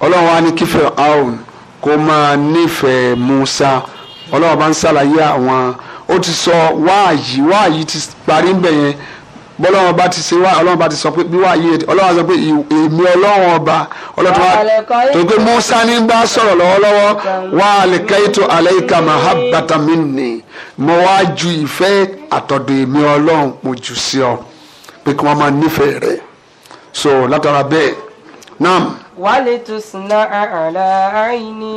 ọlọ́run wa ní kí Fáráò kó máa nífẹ̀ẹ́ Musa ọlọ́run bá ń ṣàlàyé àwọn ó ti sọ wáàyí wáàyí ti parí ń bẹ̀ yẹn bọ́lọ́wọ́n bá ti ṣe wá ọlọ́wọ́n bá ti sọ pé bí wàá yé ọlọ́wọ́n sọ pé èmi ọlọ́wọ́n ọba ọlọ́tún wa tó pé Musa ní bá sọ̀rọ̀ lọ́wọ́lọ́wọ́ wà á lè kẹ́yìtò alẹ́ ìka mahabbata minni mo wá ju ìfẹ́ àtọ̀dọ̀ èmi ọlọ́run mo jù sí ọ pé kí wọ́n máa nífẹ̀ẹ́ rẹ̀ so látara bẹ́ẹ̀ náà walitusna ala aini.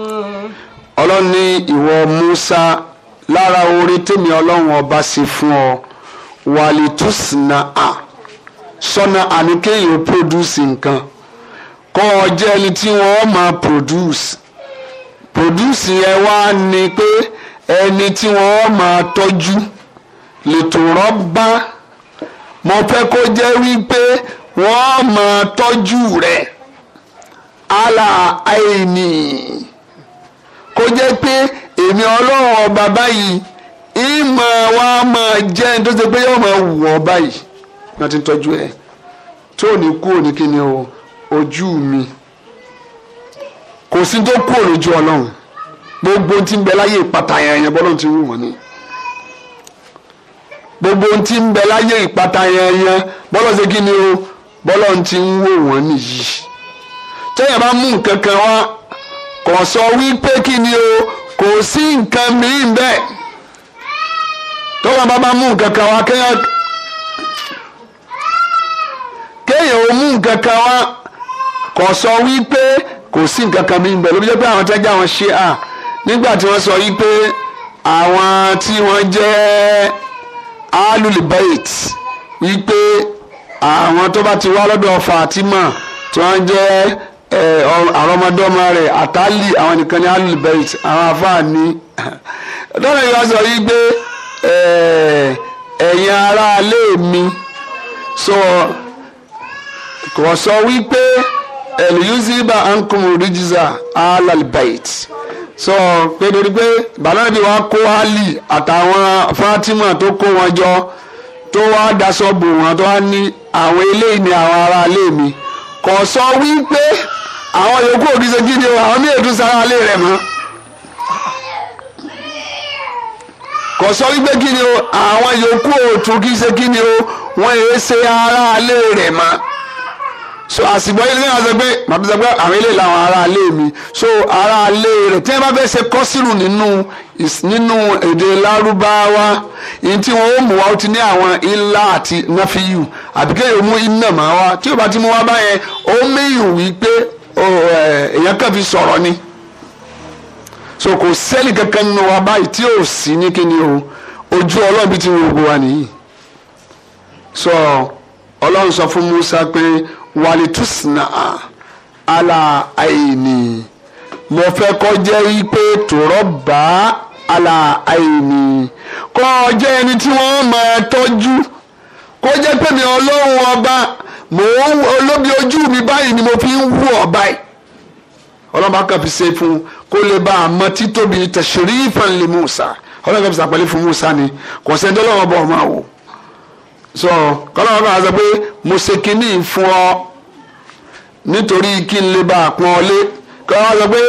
ọlọ́run ní ìwọ Musa lára oore tèmi ọlọ́run ọba ṣe fún ọ walitusna a sọ́nà àníkéyìn produce nǹkan kọ́ ọ jẹ́ ẹni tí wọ́n máa produce produce yẹn wá ni pé ẹni tí wọ́n máa tọ́jú lètò rọ́bà mo fẹ́ kó jẹ́ wípé wọ́n máa tọ́jú rẹ̀ àlà aini kó jẹ́ pé èmi ọlọ́run ọba báyìí ìmọ̀ wa máa jẹ́ ní tó ṣe pé yóò máa wù ọ́ báyìí wọ́n ti ń tọ́jú ẹ̀ tó ní kú òní kí ni o ojú mi kò sí tó kú òlójú ọlọ́run gbogbo tí ń bẹ láyé ìpàtà yẹn yẹn bọ́lọ́run ti wù wọ́n ni gbogbo tí ń bẹ láyé ìpàtà yẹn yẹn bọ́lọ́run ṣe kí ni o bọ́lọ́run ti ń wò wọ́n nìyí tẹ́yẹ̀ bá mú nǹkan kan wá kò sọ wípé kí ni o kò sí nǹkan mìíràn bẹ́ẹ̀ tọ́wọ́n bá bá mú nǹkan kan wá kéèyàn kéèyàn ò mú nǹkan kan wá kò sọ wípé kò sí nǹkan kan mìíràn bẹ́ẹ̀ ló jẹ́ pé àwọn tẹ́jọ́ àwọn ṣe à nígbà tí wọ́n sọ wípé àwọn tí wọ́n jẹ́ alulibait wípé àwọn tó bá ti wá lọ́dọ̀ Fatima tí wọ́n jẹ́ Eh, àwọn ọmọdé ọmọ àtàlì àwọn nìkan ní alibert àwọn afáàní lọ́nà yìí wá sọ yìí gbé ara eh, aráalé mi sọ kò sọ wípé ẹ̀lùyúzíbà ankum ríjìzà alibert sọ pé torí pé bàlọ́nà bí wọ́n kó Ali àtàwọn Fatima tó kó wọn jọ tó wá daṣọ bò wọn tó wá ní àwọn eléyìí ni àwọn mi kò sọ àwọn yòókù òbí ṣe kí ni o àwọn míì ètò sara alẹ́ rẹ̀ mọ́ kò sọ wípé kí ni o àwọn yòókù òtún kì í o wọ́n èé ṣe ara alẹ́ rẹ̀ mọ́ so àsìgbọ́ yìí lẹ́yìn àti pé màbí sọ pé àwọn ilé làwọn ará alé mi so ará alé rẹ̀ tí wọ́n bá fẹ́ ṣe kọ́sìrù nínú nínú èdè lárúbáwá yìí tí wọ́n ó mú wa ó ti ní àwọn ilá àti náfíyù àbíkẹ́yọ̀ mú iná màá wá tí yóò bá ti mú wa báyẹn ó méyìn wípé èèyàn oh, eh, kàn fi sọ̀rọ̀ ni so kò sẹ́ni kankan nínú wa báyìí tí ò sí ní kíni o ojú ọlọ́ọ̀bí ti wo gbogbo wa nìyí so ọlọ́run sọ fún Musa pé wàlítùsínà àlà àìní mo fẹ́ kó jẹ́ wípé tòrọ́ bá ala àìní kó jẹ́ ẹni tí wọ́n máa tọ́jú kó jẹ́ pèmí ọlọ́run ọba mò ń olóbi ojú mi báyìí ni mo fi ń wú ọ báyìí ọlọ́run bá kàn fi ṣe fún un kó lè bá a mọ títóbi tashrifan li Musa ọlọ́run bá fi ṣàpẹ́lẹ́ fún Musa ni kò sẹ́ni tó lọ́wọ́ bọ̀ ọ́ máa wò so kọ́lọ́wọ́ bá a sọ pé mo ṣe kínní fún ọ nítorí kí n lè bá a pọ́n ọ lé kọ́lọ́wọ́ sọ pé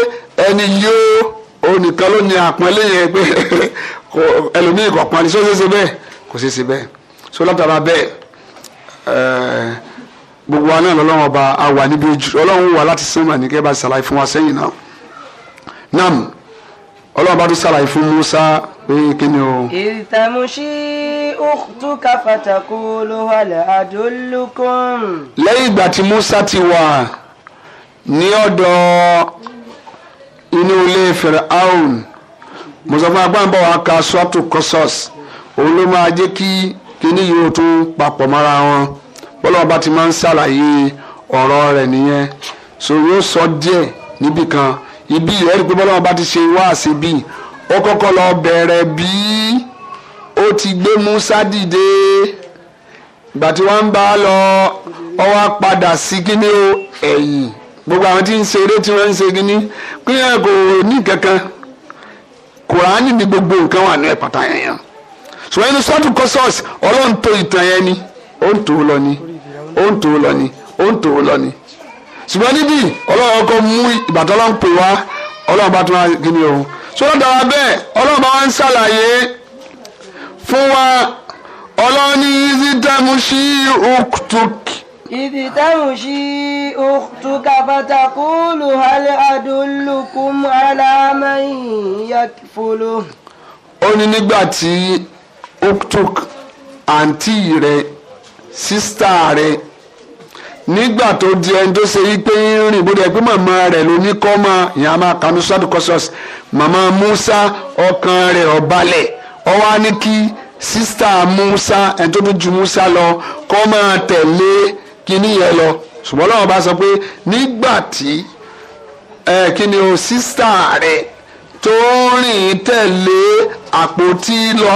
ẹni yóò onìkan ló ní àpọ́nlé yẹn pé ẹlòmíì kọ̀ pọ́n ni sọ́sẹ́sẹ́ bẹ́ẹ̀ kò ṣeé ṣe bẹ́ẹ̀ so látara bẹ́ẹ̀ ẹ̀ẹ́ gbogbo wa náà lọ́lọ́run ọba a níbi ojú ọlọ́run wà láti sánmà ní kẹ́ẹ́ bá ṣàlàyé fún wa sẹ́yìn náà nam ọlọ́run bá tún ṣàlàyé fún Musa pé kí ni o. ìtàmùsí ukhtuka fatakulu hal adullukum. lẹ́yìn ìgbà tí Musa ti wà ní ọ̀dọ̀ inú ilé Fir'aun mùsùlùmí agbáǹbọ̀ wa ka swatu kọ́sọ́s òun ló máa jẹ́ kí kíní yìí ó tún papọ̀ mọ́ra wọn. bọ́lọ́wọ́ ọba ti máa ń ṣàlàyé ọ̀rọ̀ rẹ̀ nìyẹn so yóò sọ díẹ̀ níbì kan ibi ẹ̀ rí pé ti ṣe wáàsí bíi ó kọ́kọ́ lọ bẹ̀rẹ̀ bí ó ti gbé Musa dìde ìgbà tí wọ́n lọ ó wá padà sí kíní o ẹ̀yìn gbogbo àwọn tí ń ṣe eré tí wọ́n ń ṣe kíní kò ní kankan kùránì gbogbo nǹkan wà ní yẹn sọ́ọ̀tù kọ́sọ́ọ̀sì ọlọ́run tó ìtàn ni ó ń tó lọ ni. ó ń tò ó lọ ni ó ń tò ó lọ ni ṣùgbọ́n níbí ọlọ́run kò mú ìbàdàn ọlọ́run pè wá ọlọ́run bá tún wá gíní o sọ́dọ̀ dára bẹ́ẹ̀ ọlọ́run bá wá ń ṣàlàyé fún wa ọlọ́run ní ìdí tẹ́mu sí uktuk. ìdí tẹ́mu sí uktuk àbátakùlù hàlẹ́ àdúlùkùn aláàmẹ́yìn yàtúfọ́lù. ó ní nígbà tí uktuk àǹtí rẹ̀ sísítà rẹ̀ nígbà tó di ẹni tó ṣe yí pé ń rìn bó dẹ pé màmá rẹ̀ ló ní kọ́ máa yàn máa kanu sọ́dún kọ́sọ́ọ̀sì màmá Musa ọkàn rẹ̀ ọ̀balẹ̀ ó wá ní kí sísítà Musa ẹni tó tún ju Musa lọ kọ́ máa tẹ̀lé kíní yẹn lọ ṣùgbọ́n lọ́wọ́ bá sọ pé nígbà tí kíni o sísítà rẹ̀ tó rìn tẹ̀lé àpótí lọ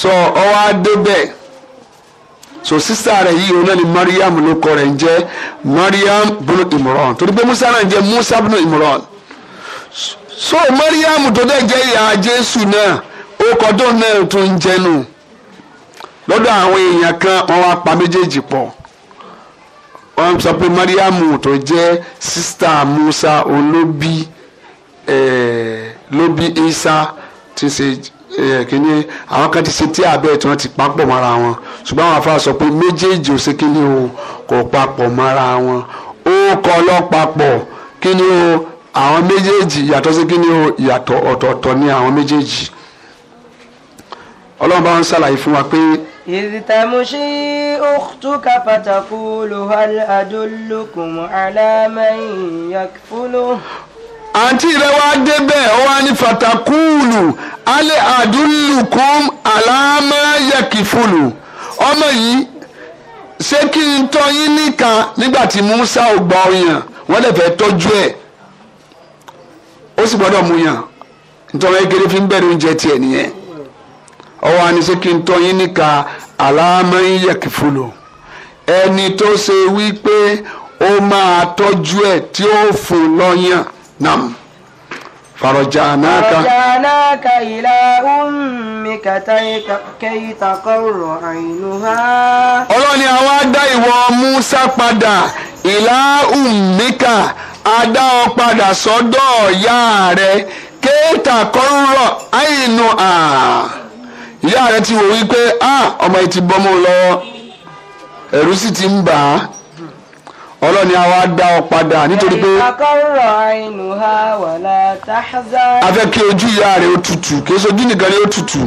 sọ ó wá débẹ̀. So, so sísá rẹ̀ yìí òun ni mariam ló kọ rẹ̀ ń jẹ́ mariam bunu imran torí pé musa náà ń jẹ́ musa bunu imran so mariam tó dẹ̀ jẹ́ ìyá jésù náà ó kọ tó náà tó ń jẹnu lọ́dọ̀ àwọn èèyàn kan wọ́n wá pa méjèèjì pọ̀ wọ́n sọ pé mariam tó jẹ́ sísá musa olóbi ẹ̀ẹ́ lóbi isa ti ṣe kíní àwọn kan ti ṣe tí abẹ́ tí wọ́n ti papọ̀ mọ́ra wọn ṣùgbọ́n àwọn afáà sọ pé méjèèjì ò ṣe kíní o kò papọ̀ mọ́ra wọn ó kọ́ lọ́ papọ̀ o àwọn méjèèjì yàtọ̀ sí kíní o yàtọ̀ ọ̀tọ̀ọ̀tọ̀ ni àwọn méjèèjì ọlọ́run bá wọn ṣàlàyé fún wa pé. إذ تمشي أختك فتقول هل أدلكم على àǹtí rẹ débẹ̀ ó ní fatakúùlù alẹ́ àdúlùkùn aláàmáyẹ̀kìfùlù ọmọ yìí ṣé kí n tọ́ yín nìkan nígbà tí Musa ò gba ọyàn wọ́n lè fẹ́ tọ́jú ẹ̀ ó sì gbọ́dọ̀ mu yàn nítorí ẹgẹrẹ fi ń bẹ̀rẹ̀ oúnjẹ tiẹ̀ nìyẹn ọwọ́ àni ṣé kí n tọ́ yín nìkan aláàmáyẹ̀kìfùlù ẹni tó ṣe wípé ó máa tọ́jú ẹ̀ tí ó fún nam farajanaka. farajanaka ila ummika kay taqarra aynuha. ọlọ́ni àwa dá ìwọ Musa padà ìlà ummika a dá ọ padà sọ́dọ̀ ìyá rẹ kéètà kọ́rọ̀ àìnú à ìyá rẹ ti wò a ah, ọmọ yìí ti bọ́mọ lọ sì ti ń bà á ọlọ́ni àwa dá ọ padà nítorí pé a fẹ́ kí ojú ìyá rẹ̀ ó tutù kí ojú nìkan ni ó tutù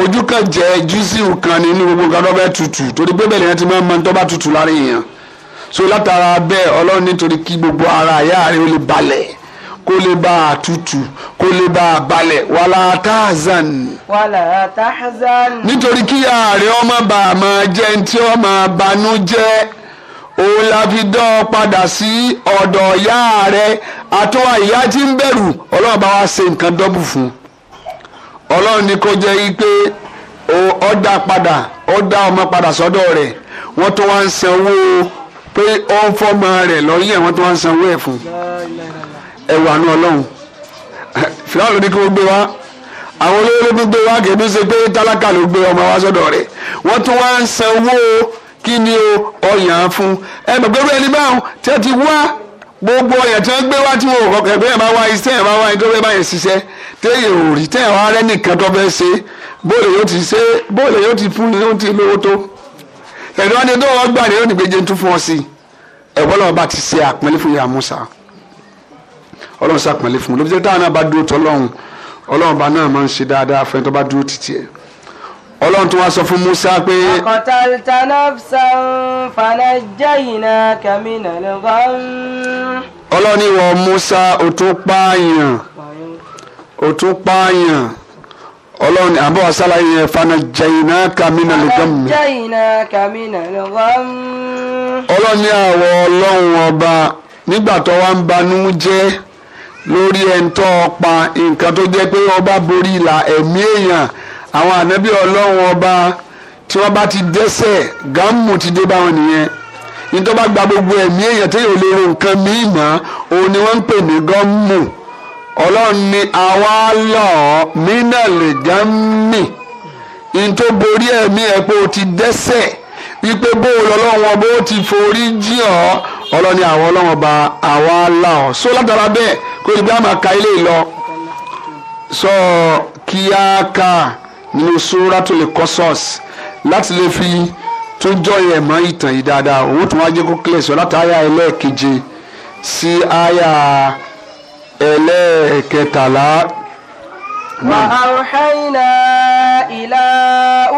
ojú kan jẹ́ júsíù kan nínú gbogbo nǹkan tó bẹ́ tutù torí pé bẹ́ẹ̀ ni ti máa ń mọ tó bá tutù lára èèyàn so látara bẹ́ẹ̀ ọlọ́run nítorí kí gbogbo ara ìyá rẹ̀ ó lè balẹ̀ kó lè bá a tutù kó lè bá a balẹ̀ wàlá tahzan. wàlá tahzan. nítorí kí ìyá rẹ̀ ọmọ bàá máa jẹ́ ntí ọmọ banú jẹ́ òun la fi dán ọ padà sí ọ̀dọ̀ ìyá rẹ àtúwà ìyá tí ń bẹ̀rù ọlọ́run bá wa ṣe nǹkan dọ́bù fún ọlọ́run ni kò jẹ́ pé ó dá padà ó dá ọmọ padà sọ́dọ̀ rẹ̀ wọ́n o wá ń sanwó pé ó ń fọ́mọ rẹ̀ lọ́yẹ̀ wọ́n tó wá ń sanwó ẹ̀ fún ẹ̀wà ní ọlọ́run fìlà ló kí wọ́n gbé wá àwọn olówó ló gbé wá kì í bí ṣe pé tálákà ló gbé ọmọ wá sọ́dọ̀ wọ́n kí ni o ọyàn fún ẹ mọ̀ pẹ̀lú ẹni báwọn tí ẹ ti wá gbogbo ọyàn tí wọ́n gbé wá tí wọ́n kọ̀ọ̀kan ẹgbẹ́ yẹn bá wá iṣẹ́ yẹn bá wá ẹni tó fẹ́ báyẹn ṣiṣẹ́ téèyàn ò rí téèyàn wá rẹ́ nìkan tó fẹ́ ṣe bóòlù yóò ti ṣe bóòlù yóò ti fún yóò ti lówó tó ẹ̀dọ́ ni tó wọ́n gbà ní yóò ní gbèjè tún fún ọ sí ẹ̀kọ́ lọ́wọ́ bá ti ṣe àpẹ́lẹ́ fún yàrá Musa ọlọ́run ṣàpẹ́lẹ́ fún un lóbi tí táwọn náà bá dúró tọ́lọ́run ọlọ́run bá náà máa ń ṣe dáadáa fún ẹni tó bá dúró títí ẹ̀ ọlọ́run tún wá sọ fún Musa pé. qatalta nafsan fanajjaynaka minal ghamm. ọlọ́run ìwọ Musa ó tún pààyàn ó tún pààyàn ọlọ́run àbọ̀ àṣàlàyé yẹn fanajjaynaka minal ghamm. fanajjaynaka minal ghamm. ọlọ́run ní àwọ̀ ọlọ́run ọba nígbà tó wá ń banú jẹ́ lórí ẹ̀ńtọ́ ọ̀pá nǹkan tó jẹ́ pé ọba borí ìlà ẹ̀mí èèyàn àwọn ànábì ọlọ́run ọba tí wọ́n bá ti dẹ́sẹ̀ gáàmù ti dé báwọn nìyẹn nítorí bá gba gbogbo ẹ̀mí èèyàn tí yóò lè ro nǹkan míì mọ́ òun ni wọ́n ń pè ní gáàmù ọlọ́run ni àwa lọ mínà lè nítorí borí ẹ̀mí ẹ̀ pé o ti dẹ́sẹ̀ wípé bóòlù ọlọ́run ọba ó ti forí jì ọ́ ọlọ́ni àwọn ọlọ́run ọba àwa là so látara bẹ́ẹ̀ kó o ti gbé àmàka ilé lọ sọ kíákà. So, nínú Suratul Qasas láti lè fi tó jọyọ̀ ẹ̀mọ́ ìtàn yìí dáadáa òun tó wá jẹ́ kó kílẹ̀ sọ láti àyà ẹlẹ́ẹ̀keje sí àyà ẹlẹ́ẹ̀kẹtàlá. wa awhayna ila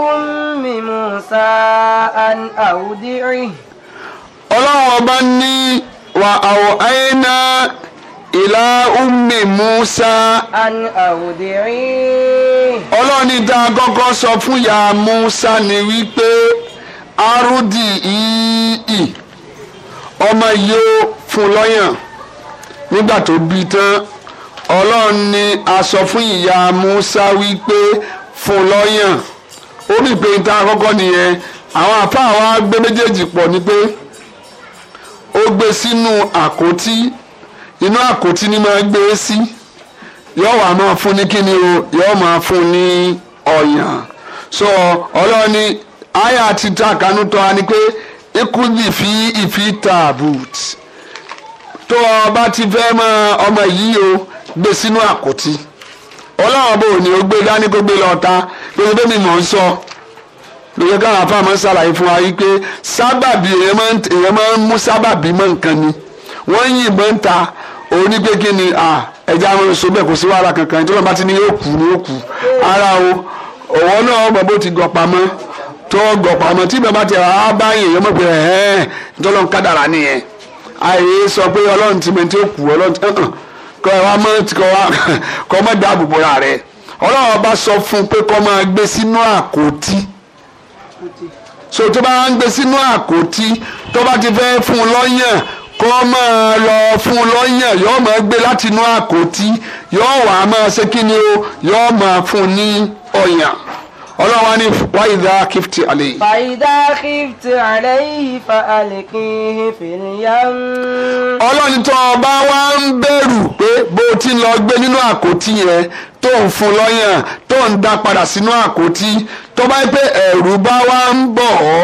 ummi Musa an awdi'i. ọlọ́run ọba wa awhayna ìlà ummi musa. an àwùdírí. ọlọ́ni tá a sọ fún ya musa ni wípé arúdì ìyí ọmọ yìí ó fún lọ́yàn nígbà tó bí tán ọlọ́run ni a sọ fún ìyá musa wípé fún lọ́yàn ó bí pé tá kọ́kọ́ nìyẹn àwọn àfáà wa gbé méjèèjì pọ̀ ni pé ó gbé sínú àkótí. inú akoti ni máa gbé e sí yóò wá máa fún ní o yóò máa fún ní so ọlọ́run ni aya ti ta kanú tọ́ a ni pé ikúndì fi ìfi taabut ọba ti fẹ́ ma ọmọ yìí o gbé sínú àpótí ọlọ́run bò ní o gbé dání kó gbé lọ gbogbo bẹ́ẹ̀ mi mọ̀ ń sọ. So lóye káwọn afa máa ń ṣàlàyé fún wa wípé sábàbí èèyàn máa ń mú sábàbí ta òní pé kí ni ẹja àwọn oṣù bẹ́ẹ̀ kò sí wàhálà kankan ìjọba bá ti ní yóò kú ni yóò kú ara o ọ̀wọ́ náà bàbá ó ti gọ̀ pamọ́ tó gọ̀ pamọ́ tí bàbá ti rà á bá yẹn yọmọ pé ẹ̀ẹ́n ìjọba ń kádàrà nìyẹn àyè sọ pé ọlọ́run ti mẹ́tí ó kú ọlọ́run ti kọ́ ẹ wá mọ́ kọ́ mọ́ dáàbò bora rẹ̀ ọlọ́run ọba sọ fún un pé kọ́ máa gbé sínú àkótí so tó bá ń gbé sínú àkótí tó bá ti fẹ́ fún un lọ́yàn kọ́ máa lọ fún lọ́yàn yóò máa gbé látinú inú àkótí yóò wá máa ṣe kí ni o yóò máa fún ní ọ̀yàn ọlọ́wà ní wáyídá kìftì àlẹ́ yìí. fàyídá kìftì àlẹ́ yìí fa àlèkìn fìlíyàn. ọlọ́ni tó ọba wa ń bẹ̀rù pé bó ti lọ gbé nínú àkótí yẹn tó ń fún lọ́yàn tó ń dá padà sínú àkótí tó bá yẹ pé ẹ̀rù bá wa ń bọ̀ ọ́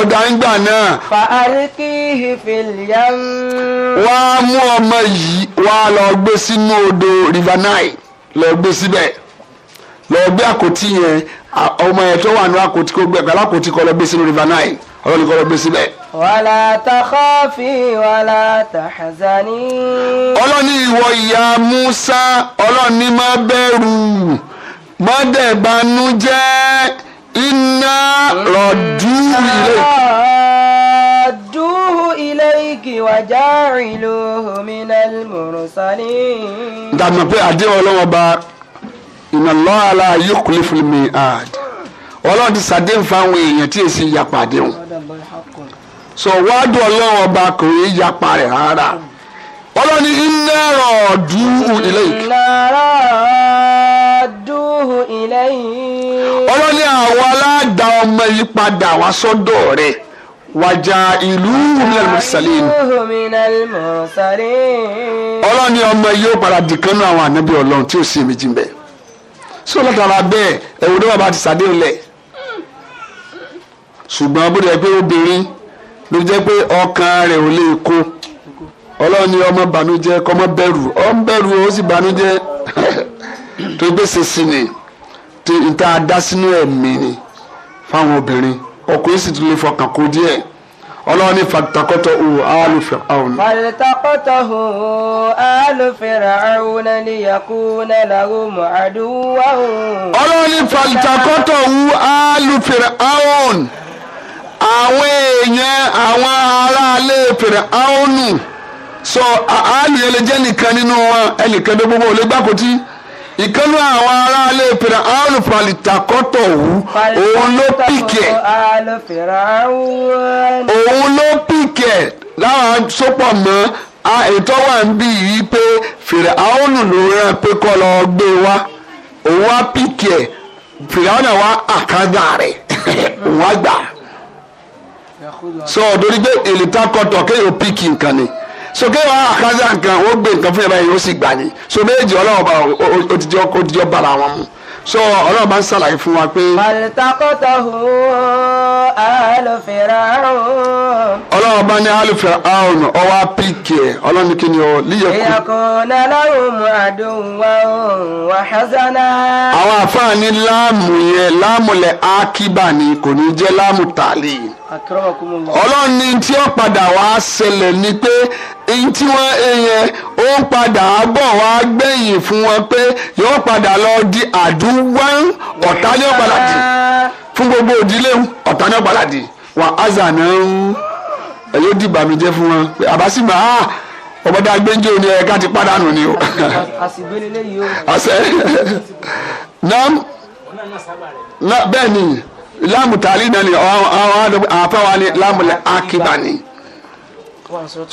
ọ̀dà ń gbà náà. fàáríkì ìfìlíyàn. wá mú ọmọ yìí wá lọ gbé sínú odò river nile lọ gbé síbẹ̀ lọ gbé àkótí yẹn ọmọ yẹn tó wà ní àkótí kó gbẹ pẹ̀lú àkótí kó lọ gbé sínú river nile ọlọ́ni kó lọ gbé síbẹ̀. wàlá takhafi wàlá tahzani. ọlọ́ni ìwọ ìyá Musa ọlọ́ni má bẹ̀rù má dẹ̀ banú jẹ́. iná rọ̀dúhù ilé. ilé igi wàjà dàmú pé àdéhùn ọlọ́wọ́ bá iná lọ́ọ̀lá yóò kúlé fún mi àdé ọlọ́run ti sàdéhùn èèyàn tí èsì àdéhùn sọ ọba kò yapa rẹ̀ rárá iná rọ̀ọ̀dúhù ilé. ilé ọlọ́ni àwọn aláàdá ọmọ yìí padà wá sọ́dọ̀ rẹ̀ wàjà ìlú minal mursalin ọlọ́ni ọmọ yìí ó padà dìkan náà àwọn ànábì ọlọ́run tí ó sì méjì mbẹ́ sí ọlọ́tara bẹ́ẹ̀ ní bàbá ti sàdé ṣùgbọ́n bó jẹ́ pé obìnrin ló jẹ́ pé ọkàn rẹ̀ tí n tá a dá sínú ẹ̀mí ni fáwọn obìnrin ọkùnrin sì tún lè fọkàn kó díẹ̀ ọlọ́run ní fàtàkọ́tọ̀ fàtàkọ́tọ̀ ọlọ́run ní fàtàkọ́tọ̀ àwọn èèyàn àwọn aráalé sọ áàlù yẹn lè jẹ́ nìkan nínú wọn ẹnìkan gbogbo ò lè gbàkútì. ìkànnì àwọn aráalé pèrè àrùn pàlìtàkọ́tọ̀ wù òun ló pìkẹ̀ òun ló pìkẹ̀ láwọn sopọ̀ mọ́ ètò wà ń bí yìí pé fèrè àrùn ló pé kọ́ lọ gbé wa òun wá pìkẹ̀ fèrè àrùn wa àkàndà rẹ̀ òun wá gbà. sọ ọ̀dọ́ ni pé èlìtàkọ́tọ̀ kéèyàn pìkì nǹkan ni. so kéwàá àkájá nǹkan ó gbé nǹkan fún yàrá yìí o sì gbà ní so méjì ọlọ́wọ́ bá òtijọ́ òtijọ́ bára wọn mu so ọlọ́run ń fún wa pé. màlítàkọ́tọ̀ ọwọ́ o líyẹ àdúgbò wà àwọn láàmù yẹn láàmù ni kò ní láàmù ọlọ́run ní tí ó padà wá ṣẹlẹ̀ ni pé ntí wọn yẹn ó padà bọ̀ wá gbẹ̀yìn fún wọn pé yóò padà lọ di àdúwá ọ̀tá ní ọ̀padà dì fún gbogbo òdílé ọ̀tá ní ọ̀padà dì wà áza náà ẹ yóò di ìbànújẹ́ fún wọn pé àbáṣí màá ah, ọbọdà gbẹ́njẹ́ òní ẹ̀ka ti pàdánù ni o. àṣẹ náà bẹ́ẹ̀ ni. láàmù na náà ni àwọn àfáwa ni ni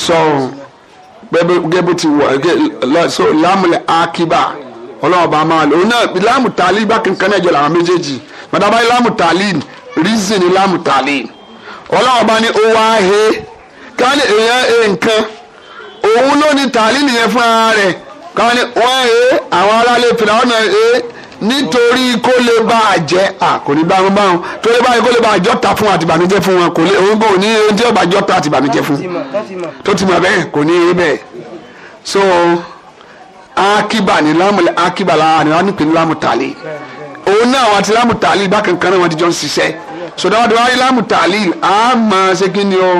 so bebe bó ti wọ̀ so láàmù lẹ akíba ọlọ́ọ̀bá máa lò ó náà láàmù tààlì bá kankan náà jọ làwọn méjèèjì reason ni láàmù tààlì ọlọ́ọ̀bá ni he ni tààlì nìyẹn nítorí kó lè bá a jẹ́ kò ní báwọn báwọn tó lè báyìí kó lè bá a jọ́ta fún wa àtìbànújẹ́ fún wọn kò lè òun kò ní ohun tí yóò bá jọ́ta àtìbànújẹ́ fún tó ti mọ̀ bẹ́ẹ̀ kò ní rí so akíba ní lámù akíba láàánú láàánú pé ní lámù tàlí òun náà wọn àti lámù tàlí bákan náà wọn ti jọ ń ṣiṣẹ́ sọdáwádìí wáyé lámù tàlí àmọ́ ṣé kí ni o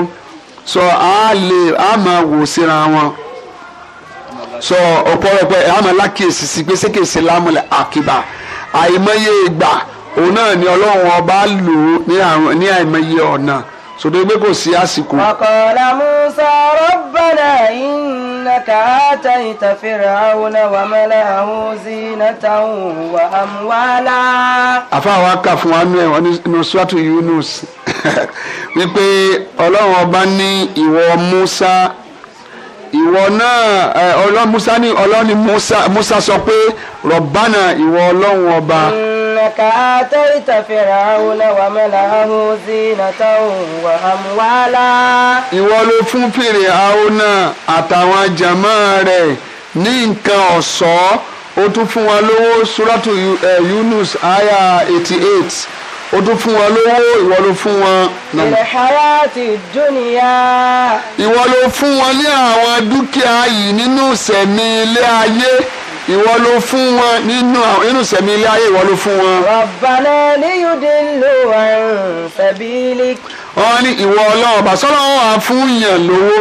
sọ àá wò síra wọn sọ ọ̀pọ̀lọpọ̀ ẹ̀ àmọ́ lákèsí sí pé sékèsí lámúlẹ̀ àkìbà àìmọye ìgbà òun náà ni ọlọ́run ọba lò ó ní àìmọye ọ̀nà sọdọ ẹgbẹ́ kò sí àsìkò. wàkọ̀ọ̀lá musa rọ́bàdà ìnàkà àtà ìtàfẹ́rẹ́ àwọn wàmẹ́lẹ́ àwọn zinatan wà amúwálá. àfàwọn aka fún wa nù ní suratu Yunus wípé ọlọ́run ọba ní ìwọ musa ìwọ náà ẹ ọlọ́ musa ní ọlọ́ni musa musa sọ pé rọ̀bánà ìwọ ọlọ́run ọba. innaka ataita fir'auna wa mala'ahu zinatan wa amwala. ìwọ ló fún Fir'auna àtàwọn jàmá rẹ̀ ní nǹkan ọ̀ṣọ́ ó tún fún wa lówó suratu Yunus aya eighty eight ó tún fún wọn lówó ìwọ ló fún wọn. ilẹ̀ ara ti dúnìyà. ìwọ ló fún wọn ní àwọn dúkìá yìí nínú sẹ̀mí ilé ayé ìwọ ló fún wọn nínú nínú sẹ̀mí ilé ayé ìwọ ló fún wọn. rabbana liyudillu an sabilik. wọ́n ní ìwọ ọlọ́run ọba sọ́nà wọn wà fún yàn lówó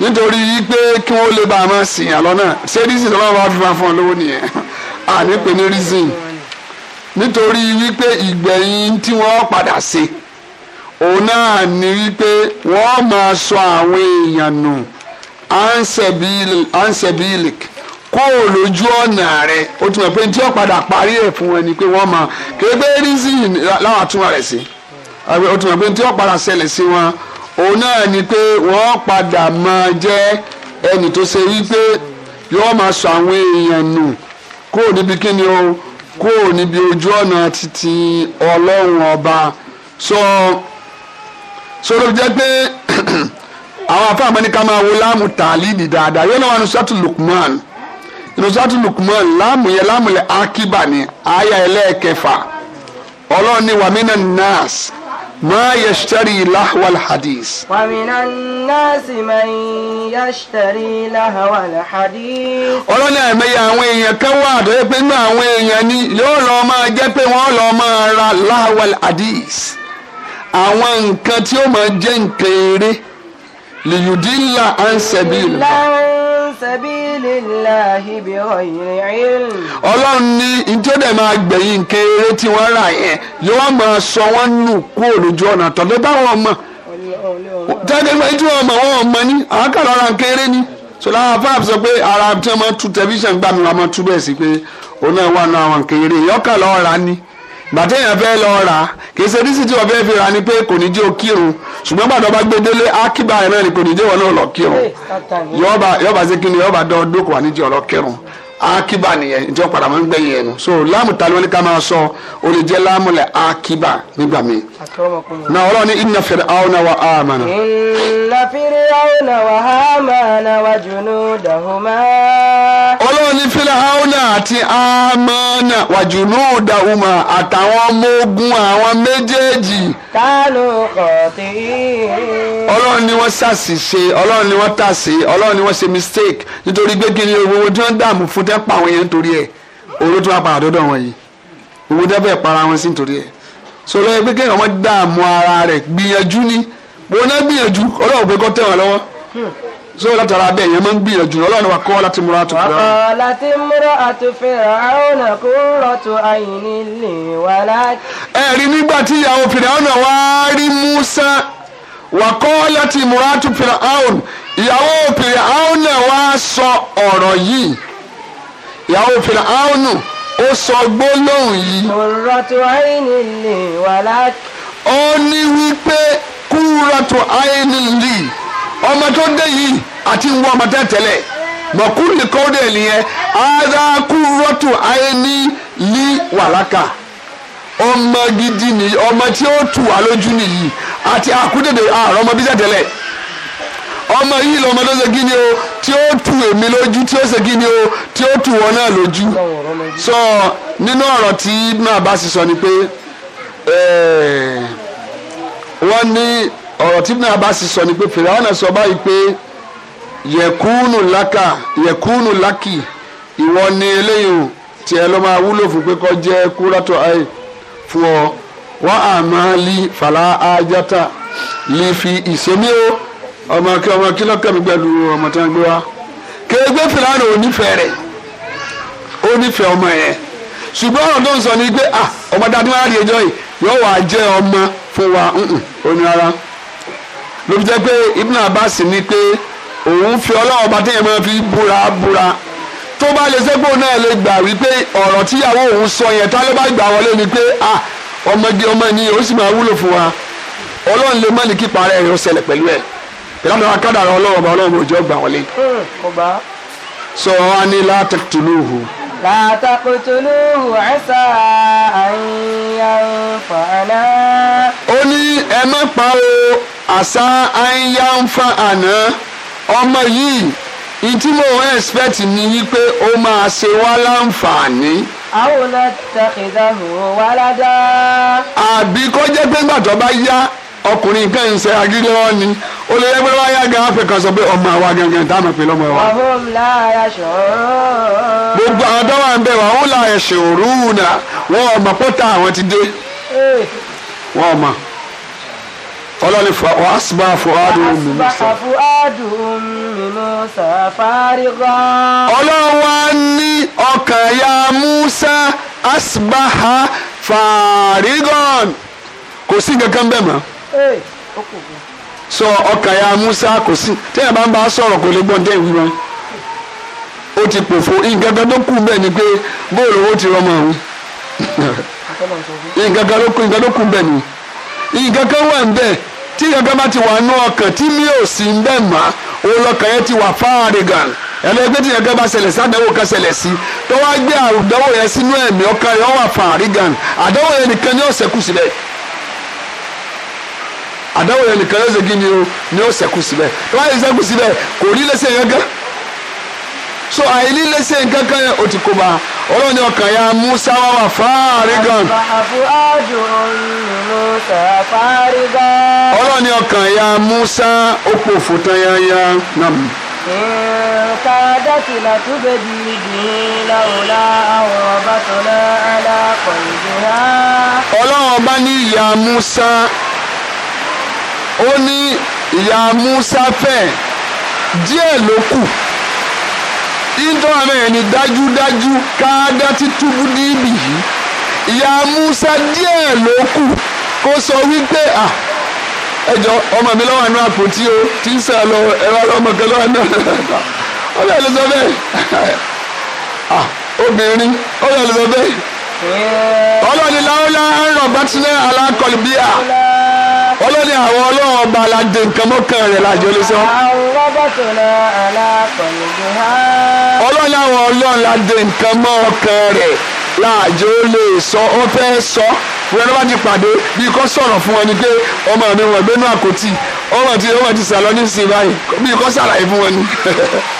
nítorí pé kí wọ́n lè bá a máa sìn yàn lọ́nà ṣé rísìn lọ́wọ́ bá fún ọ lówó nìyẹn àní pé ní rísìn nítorí wípé ìgbẹ̀yìn tí wọ́n padà ṣe òun náà ni wípé wọ́n máa sọ àwọn èèyàn nù ansabilik kó o lójú ọ̀nà rẹ̀ o tún mọ̀ pé tí wọ́n padà parí ẹ̀ fún ẹ ni pé wọ́n máa kégbé rízì láwọn àtúnwà rẹ̀ sí o tún mọ̀ pé tí wọ́n padà ṣẹlẹ̀ sí wọn òun náà ni pé wọ́n padà máa jẹ́ ẹni tó ṣe wípé yọ́ọ́ máa sọ àwọn èèyàn nù kó o níbi kí ni o kúrò níbi ojú ọ̀nà títí ọlọ́run ọba sọ sọ ló jẹ́ pé àwọn afẹ́ àmọ́ ní ká máa wo láàmù tàlídì dáadáa yóò náà wà ní sọ́tù lukman ní sọ́tù lukman láàmù yẹn láàmù lẹ́ akíbà ní àyà ẹlẹ́ẹ̀kẹfà ọlọ́run ní wàmínà nas ما يشتري لهو الحديث ومن الناس من يشتري لهو الحديث ọ̀rọ̀ náà ẹ̀mẹ́yà àwọn èèyàn kan wà tó yẹ pé nínú àwọn èèyàn ni yóò lọ́ọ́ máa jẹ́ pé wọ́n lọ́ọ́ máa ra لهو الحديث àwọn nǹkan tí ó máa jẹ́ nǹkan eré lìyùdí ńlá à ń ṣẹ̀bi ìlú. ọlọ́run ní ìjọ́dẹ̀ máa gbẹ̀yìn nǹkan eré tí wọ́n rà yẹn yóò sọ wọ́n nù kúrò lójú ọ̀nà báwọn ọmọ tẹ́lẹ̀ tí wọ́n mọ̀ wọ́n mọ̀ ní ara nǹkan ni sọlá sọ pé ara tí wọ́n máa tẹlifíṣàn gbà máa tú bẹ́ẹ̀ sí pé òun náà wà ni. gbàtẹ́yìn fẹ́ lọ rà kì í ṣe bí sítì ọ̀fẹ́ fi ra ni pé kò ní jẹ́ o kírun ṣùgbọ́n gbàdọ̀ bá gbé délé ákíbà rẹ̀ náà ni kò ní jẹ́ wọn náà lọ kírun yọ̀ọ́bà yọ̀ọ́bà ṣe kí ni yọ̀ọ́bà dán dókòwà níjẹ́ ọlọ́kírun akiba nìyẹn ìjọ padà máa ń gbẹ̀yìn ẹnu so láàmù ta ló ní ká máa sọ o lè jẹ́ láàmù lẹ̀ akiba nígbà míì. na ọlọ́run ní inna fir'auna wa amana. inna fir'auna wa amana wa junu junudahuma. ọlọ́run ní fir'auna àti amana wa junudahuma àtàwọn ọmọ ogun àwọn méjèèjì. kánú kọ̀ọ̀tì. ọlọ́run ni wọ́n ṣàṣìṣe ọlọ́run ni wọ́n tàṣe ọlọ́run ni wọ́n ṣe mistake nítorí gbé kí ni owó tí wọ́n dààmú fún tẹ́ pa àwọn yẹn nítorí ẹ̀ owó tó wà padà dọ́dọ̀ wọn yìí owó tẹ́ fẹ́ para wọn sí nítorí ẹ̀ sọlọ ẹgbẹ́ kéèyàn wọn dààmú ara rẹ̀ gbìyànjú ni wọn náà gbìyànjú ọlọ́run pé kọ́ tẹ̀ wọn lọ́wọ́ so látara bẹ́ẹ̀ yẹn máa ń gbìyànjú ọlọ́run wa kọ́ láti múra àtúfẹ́ rà. láti múra àtúfẹ́ rà ọ̀nà kó rọ̀tò àyìnì lè wà láti. ẹ̀rí nígbà tí ìyàwó fìràwọ̀nà wá rí Musa wà kọ́ láti múra àtúfẹ́ rà ọ̀nà ìyàwó fìràwọ̀nà wá sọ ọ̀rọ̀ yìí ìyàwó fìràánù ó sọ gbólóhùn yìí. qurratu aynin li walak. ó ní wípé qurratu aynin li ọmọ tó dé yìí àti ìwọ ọmọ tẹ́tẹ́lẹ̀ mọ̀kúrì kọ́dẹ̀ nìyẹn ara qurratu aynin li walaka ọmọ gidi nìyí ọmọ tí ó tù wá lójú nìyí àti àkúdèdè àrọ́mọbí tẹ́tẹ́lẹ̀ ọmọ yìí lọmọ tó ṣe kí ni o tí ó tu èmi lójú tí ó ṣe kí ni o tí ó tu wọn náà lójú sọ nínú ọ̀rọ̀ tí Ibn Abbas sọ ni pé eh, wọ́n ní ọ̀rọ̀ tí Ibn Abbas sọ ni pé fìràwọn náà sọ báyìí pé yẹkúnù lákà yẹkúnù lákì ìwọ ni eléyìí tí ẹ lọ máa wúlò fún pé kó jẹ́ kúrátọ ayé fún ọ wọn àmọ́ lí fàlà ájátà lè fi ìsẹmí o ọmọ kí ọmọ kí lọ́kàn mi pẹ̀lú ọmọ tí wọ́n gbé wá kéègbé fìlànà onífẹ̀ẹ́ rẹ̀ onífẹ̀ẹ́ ọmọ yẹn ṣùgbọ́n ọ̀rọ̀ tó ń sọ ni pé ah ọmọ dáadé wá rí ẹjọ́ yìí yóò wá jẹ́ ọmọ fún wa òní ara ló fi jẹ́ pé Ibn Abbas ní pé òun fi ọlọ́wọ́ bá téèyàn máa fi búra búra tó bá lè sẹ́gbó náà lè gbà wípé ọ̀rọ̀ tíyàwó òun sọ yẹn tá ló bá gbà wọlé ni pé ah ọmọge ọmọ ni ó sì máa wúlò fún wa ọlọ́run lè má ní kí rẹ̀ ó ṣẹlẹ̀ pẹ̀lú ẹ̀ ìlànà àwọn akádàrà ọlọ́wọ́ ọba ọlọ́wọ́ òjò gbà wọlé. Hmm, sọ wa ní látẹ̀tùlùhù. látàkùtùlùhù ẹ̀sà àyànfà àná. ó ní ẹ má pa o àṣà àyànfà àná ọmọ yìí ìtí mò ń expect ni wípé ó máa ṣe wá láǹfààní àwọn ọ̀nà tẹ̀kídà wò wá ládàá. àbí kó jẹ́ pé gbàtọ́ bá yá ọkùnrin kan ń sẹ agídé wọn ni ó lè yẹ pé wọn yá gan afẹ kan sọ pé ọmọ àwa gangan tá a mọ̀ pé lọ́mọ wa. gbogbo àwọn tó wà ń bẹ̀ wọ́n là ẹ̀sìn òrùn náà ọmọ pọ́tà àwọn ti dé wọ́n ọmọ ọlọ́ni fún wa asibá fún adùn mímú sàfárìgọ́. ọlọ́run wa ní ọkàn ya Musa asibá fàrígọ́n kò sí nǹkan kan bẹ́ẹ̀ mọ́. sọ ọkàn ya Musa kò sí téèyàn bá ń bá sọ̀rọ̀ kò lè gbọ́n dé ìwúrọ ó ti pòfo nǹkan kan tó kù bẹ́ẹ̀ ni pé bóòlù owó ti rọmọ òun nǹkan kan ló kù nǹkan tó kù bẹ́ẹ̀ ni nǹkan kan wà ń bẹ́ẹ̀ tí nǹkan kan bá ti wà nú ọkàn tí mi ò sí ń bẹ́ẹ̀ mọ́ òun yẹn ti wà fáàrí gan ẹlẹgbẹ́ tí ẹgbẹ́ bá ṣẹlẹ̀ sí àdánwò kan ṣẹlẹ̀ sí tó gbé àdánwò yẹn sínú ẹ̀mí ọkàn yẹn wà fáàrí gan àdánwò yẹn nìkan ni àdáwò yẹn nìkan yóò ṣe ni o ni ó ṣẹ́kù síbẹ̀ wọ́n á yẹ ṣẹ́kù síbẹ̀ kò rí lẹ́sẹ̀ yẹn gán so àìní lẹ́sẹ̀ nǹkan kan yẹn o ti kó ba ọlọ́run ní ọkàn ya musa wà wà fáàrí gan. ọlọ́run ní ọkàn ya musa ó pò fòtán yáyá náà mi. kàdátì ọlọ́run ọba ní ìyá musa ó ní ìyá Musa fẹ̀ díẹ̀ ló kù ìtọ́ àmì ẹ̀ dájúdájú káádá ti túbú níbì yìí ìyá Musa díẹ̀ ló kù kó sọ wípé à ẹjọ ọmọ mi lọ́wọ́ àánú àpótí o tí ń sà lọ ẹ̀rọ ọmọ kan lọ́wọ́ àánú ó bẹ̀rẹ̀ ló sọ bẹ́ẹ̀ à obìnrin ó bẹ̀rẹ̀ ló sọ bẹ́ẹ̀ ọlọ́ni láwọ́lá ń rọ̀ bá tilẹ̀ alákọ̀ọ́lù bíà ọlọ́ni àwọn ọlọ́run ọba aládé nǹkan mọ́kàn rẹ̀ lájọ ló sọ. ọlọ́ni àwọn ọlọ́run ládé nǹkan mọ́kàn rẹ̀ láàjọ lè sọ ó fẹ́ sọ wọn ló bá ti pàdé bí kò sọ̀rọ̀ fún wọn ni pé ọmọ mi wọn gbénú àkótì ọmọ ti ọmọ ti sàlọ́ ní ìsìn báyìí bí kò sàlàyé fún wọn ni.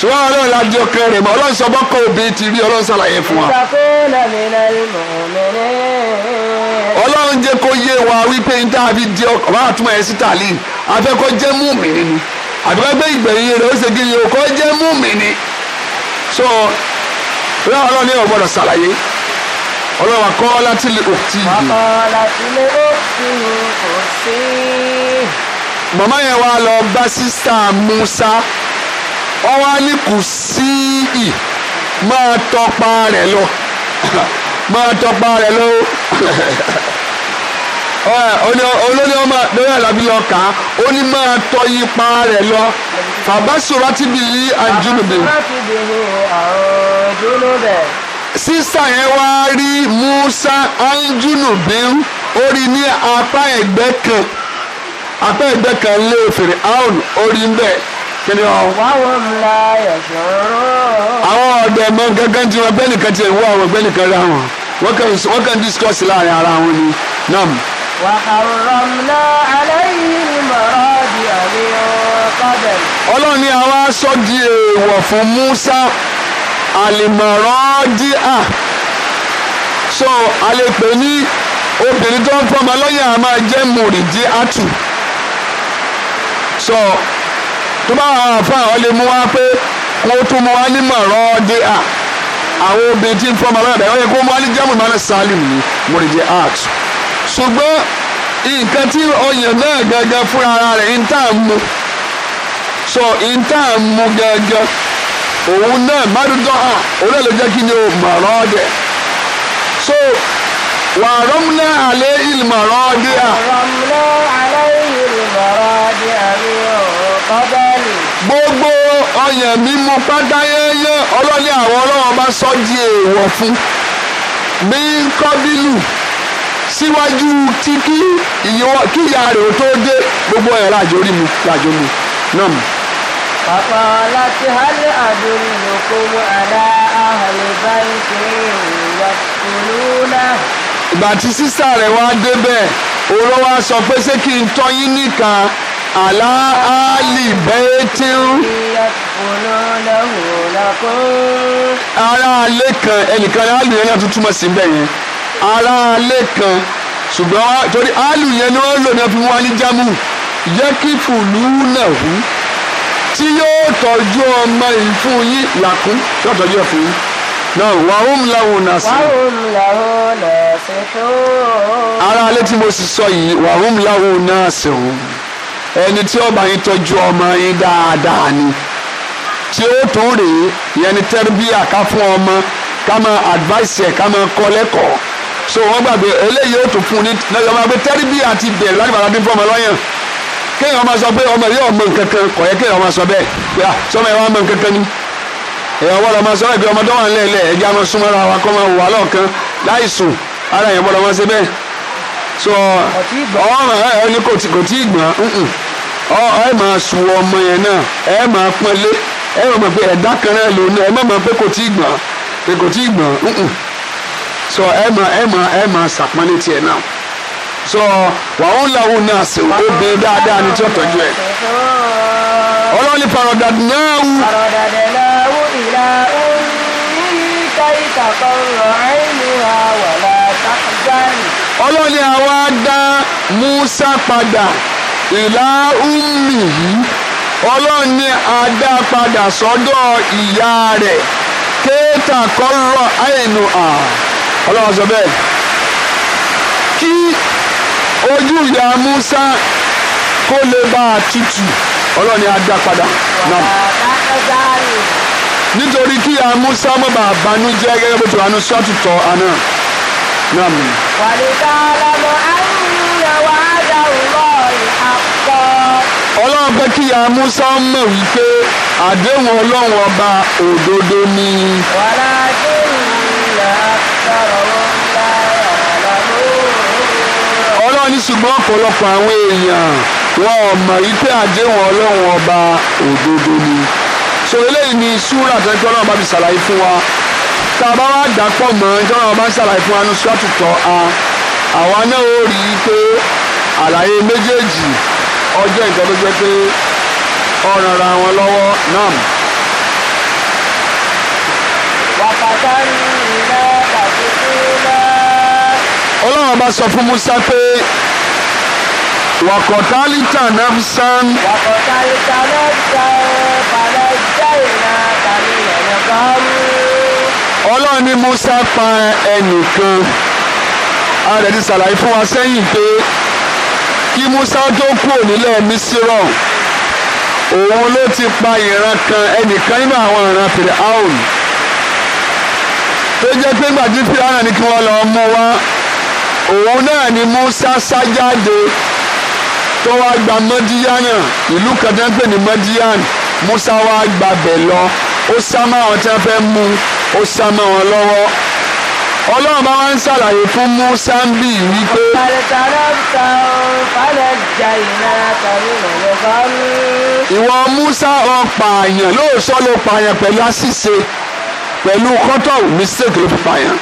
ṣùgbọ́n ọlọ́run la di ọkàn rẹ̀ mọ́ ọlọ́run sọ bọ́kọ̀ òbí ti rí ọlọ́run ṣàlàyé fún wa. ọlọ́run jẹ́ kó yé wa wípé n táà di ọkàn máa túmọ̀ ẹ̀ sí tàlí afẹ́kọ́ jẹ́ mú mi nínú àbíkọ́gbé ìgbẹ̀yìn rẹ̀ ó ṣe kí òkọ́ jẹ́ mú mi ni. so ọlọ́run ọlọ́run ní ọ̀gbọ́dọ̀ ṣàlàyé ọlọ́run akọ́ láti lè òkútì yìí. akọ́ yẹn wá lọ bá sísá Musa wọ́n wá ní kù sí ì máa tọpa rẹ̀ lọ máa tọpa rẹ̀ lọ olórí ọmọ lórí àlábí lọ kà á ó ní máa tọ ipa rẹ̀ lọ fàbásùrọ̀ ti bì í àjùlùbẹ̀. sísà yẹn wá rí Musa anjúlùbẹ̀ ó rí ní apá ẹ̀gbẹ́ kan apá ẹ̀gbẹ́ kan lé fèrè áùn ó ń bẹ́ẹ̀ kíni ọ. wàhùn ńlá yẹ̀sọ̀rọ̀. àwọn ọ̀dọ́ ẹ̀mọ́ gángan tí wọ́n bẹ́ẹ̀ nìkan ti wọ́ àwọn ọ̀gbẹ́ nìkan rẹ̀ àwọn wọ́n kàn discuss láàrin ara wọn ni nam. wàhàrọ̀mùnà aláìyí mọ̀rọ́dì àríwọ̀ kọ́bẹ̀. ọlọ́run ni àwa sọ di èèwọ̀ fún Musa alimọ̀rọ́dì à so a lè pè ní obìnrin tó ń fọmọ lọ́yà máa jẹ́ mùrìdí àtù so tó bá wà fún àwọn lè mú wá pé kó tún mú wá ní mọ̀rọ́ dé à àwọn obìnrin tí ń fọmọ aláàbẹ̀ wọ́n yẹ kó mú ní jámù ìmọ̀lẹ́ salim ní mọ̀rìndì art ṣùgbọ́n nǹkan tí ọyàn náà gangan fúnra ara rẹ̀ ń tà ń mu sọ ń tà ń mu gangan òun náà mádùúdọ́ à òun náà ló jẹ́ kí ni o mọ̀rọ́ dẹ̀ so wà rọ́múná àlẹ́ ìlmọ̀rọ́ dẹ̀ à. rọ́múná àlẹ́ ìlmọ̀rọ́ dẹ̀ àmì èèyàn mímu pátá yẹ́yẹ́ ọlọ́ni àwọn ọlọ́wọ́n bá sọ di èèwọ̀ fún bí kọ́bílù síwájú tí kí ìyá rẹ̀ ó tó dé gbogbo ẹ̀ láàjò rí mu láàjò mu náà mu. Bàbá láti hálẹ̀ àdúrà lóko mú àdá àhàlẹ̀ báyìí ṣe ìwà kúrú náà. Ìgbà tí sísá rẹ̀ wá débẹ̀, òun ló wá sọ pé ṣé kí n tọ́ yín nìkan àlá àlì bẹ́ẹ̀tìrú. ara alẹ́ kan ẹnìkan aálù yẹn náà tún túmọ̀ sí bẹ́ẹ̀ yẹn ara alẹ́ kan ṣùgbọ́n torí aálù yẹn ni wọ́n lò náà fi wá ní jámù yẹ́kìfù lùúnàwù tí yóò tọ́jú ọmọ yìí fún yín làkún yóò tọ́jú ẹ̀ fún yín náà wàhùn làwọn náà sí. wàhùn làwọn náà sí. ara alẹ́ tí mo sì sọ yìí wàhùn làwọn náà sí òun ẹni tí ó bá yín tọ́jú ọmọ yín dáadáa ni tí ó tún rèé ìyẹn ni tẹ́rìbíà ká fún ọmọ ká máa advice ẹ̀ ká máa kọ́ lẹ́kọ̀ọ́ so wọ́n gbàgbé eléyìí ó tún fún ní lọ́yọ̀ máa gbé tẹ́rìbíà ti bẹ̀rẹ̀ láti bàtà dín fún ọmọ lọ́yàn kéèyàn máa sọ pé ọmọ yóò mọ nǹkan kan kò yẹ kéèyàn máa sọ bẹ́ẹ̀ pé à ah, sọmọ yẹn wá mọ nǹkan kan ni èèyàn wọ́n lọ máa sọ ẹ̀gbẹ́ ọmọdé wà ń lẹ̀ẹ́lẹ̀ ẹ̀jẹ̀ á máa súnmọ́ra wa so ọ̀ràn ẹ ní kò tí kò tí gbọ́n ẹ máa sun ọmọ yẹn náà ẹ máa pọ́nlé ẹ máa pe ẹ̀dá kan náà lò ní ẹ má máa pé kò tí gbọ́n pé kò tí gbọ́n so ẹ máa ẹ máa ẹ máa sàpọ́nlé tiẹ̀ náà so wàhùn làwọn náà sì ó bẹ dáadáa ní tí ó tọ́jú ẹ ọlọ́run ní paradad náà wù. paradad náà wù ìlà òun ní káyíkà kan rọ̀ ẹ́ nù àwọ̀ làtàkùn jáde ọlọ́ni àwa dá Musa padà ìlà umi yìí ọlọ́ni àdá padà sọ́dọ̀ ìyá rẹ̀ kéètà kọ́rọ̀ àyẹ̀nù à ọlọ́run sọ bẹ́ẹ̀ kí ojú ìyá Musa kó lè bá a tutù ọlọ́ni àdá padà náà nítorí kí ìyá Musa mọ̀ bàbá nu jẹ́ gẹ́gẹ́ bó ti wà nù sọ́ọ̀tù tọ́ àná. نعم ولتعلموا أن وعد الله حقا ọlọ́run fẹ́ kí ya musa mọ̀ wípé àdéhùn ọlọ́run ọba òdodo ni. wàlá kéwìlà sọ̀rọ̀ ńlá ọ̀làlọ́. ọlọ́run ní ṣùgbọ́n ọ̀pọ̀lọpọ̀ àwọn èèyàn wọn ò mọ̀ wípé àdéhùn ọlọ́run ọba òdodo ni. so eléyìí ni súrà tẹ́tí ọlọ́run bá fi ṣàlàyé fún wa tá a bá wá dà pọ̀ mọ́ ìjọba ọba ṣàlàyé fún anú sọ́ọ̀tù a àwa náà ó rí i pé àlàyé méjèèjì ọjọ́ nǹkan tó jẹ́ pé ọ̀ràn ra wọn lọ́wọ́ náà. wàkàtà ni iná tàbí kúrúlá. ọlọ́run ọba sọ fún Musa pé wàkọ̀tálítà nàfsán. wàkọ̀tálítà nàfsán balẹ̀ jẹ́ ìlànà tàbí ìlànà kan mú ọlọ́run ní Musa pa ẹnìkan a rẹ̀ ti ṣàlàyé fún wa sẹ́yìn pé kí Musa tó kúrò nílẹ̀ Mísírọ̀ òun ló ti pa ìran kan ẹnìkan nínú àwọn ìran fèrè áùn tó jẹ́ pé gbàdí fìlànà ni kí wọ́n lọ mú wá òun náà ni Musa sá jáde tó wá gba Mọ́díyánà ìlú kan tó ń pè ní Mọ́díyánà Musa wá gbabẹ̀ lọ ó sá máa wọn tí wọ́n fẹ́ mú un ó sá mọ́ wọn lọ́wọ́ ọlọ́run bá wá ń ṣàlàyé fún Musa ń bì wípé. ìwọ Musa ó pààyàn lóòótọ́ ló pààyàn pẹ̀lú àṣìṣe pẹ̀lú kọ́tọ̀ mistake ló fi pààyàn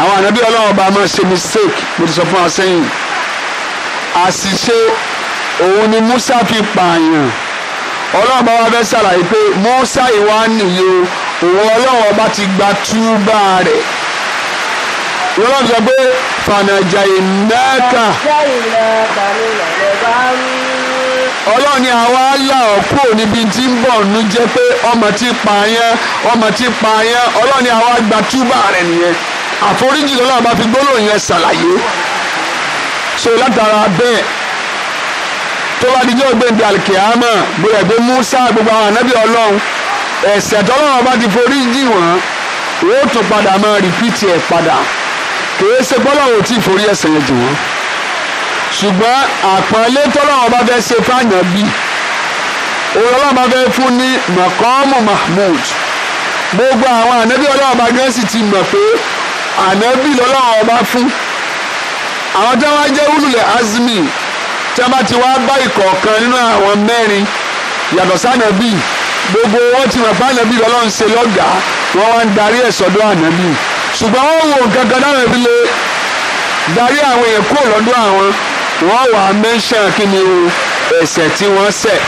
àwọn ànábí ọlọ́run bá máa ṣe mistake mo ti sọ fún wa sẹ́yìn àṣìṣe òun ni Musa fi pààyàn ọlọ́run bá wá fẹ́ ṣàlàyé pé Musa ìwà nìyí ìwọ ọlọ́run ọba ti gba túbà rẹ̀ ìwọ ọlọ́run sọ pé fànàjà ìnáka ọlọ́run ni àwa là ọ́ kúrò níbi tí ń bọ̀ ń jẹ́ pé ọmọ ti pa yẹn ọmọ ti pa yẹn ọlọ́run ni àwa gba túbà rẹ̀ nìyẹn àforíjì lọ́la bá fi gbólóhùn yẹn ṣàlàyé so látara bẹ́ẹ̀ tó bá dijọ́ gbẹ̀ǹdẹ̀ àlìkìyàmọ̀ bóyá gbé Musa gbogbo àwọn ànábì ọlọ́run ẹ̀ṣẹ̀ tọ́lọ́wọ́ bá ti forí jì wọ́n wọ́n tún padà máa rìpítì ẹ̀ padà kìí ṣe gbọ́dọ̀ tí ìforí ẹ̀ṣẹ̀ yẹn jì wọ́n ṣùgbọ́n àpọ́nlé tọ́lọ́wọ́ bá fẹ́ ṣe fáyàn bí ọlọ́wọ́ bá fẹ́ fún ní mọ̀kọ́mù mahmud gbogbo àwọn ànábì ọlọ́wọ́ bá gán sì ti mọ̀ pé ànábì lọ́lọ́wọ́ bá fún àwọn tí wọ́n jẹ́ wúlùlẹ̀ azmi tí wọ́n bá ti wá bá ìkọ̀ọ̀kan nínú àwọn mẹ́rin yàtọ̀ sànàbí gbogbo wọn ti mọ̀ pé ànábì ọlọ́run ṣe lọ́gàá wọ́n wá ń darí ẹ̀ sọ́dọ̀ ànábì ṣùgbọ́n wọ́n wò nǹkan kan dáhùn ẹbí lé darí àwọn èèyàn kúrò lọ́dọ̀ àwọn wọ́n wà á mẹ́ńṣán kí ni o ẹ̀ṣẹ̀ tí wọ́n ṣẹ̀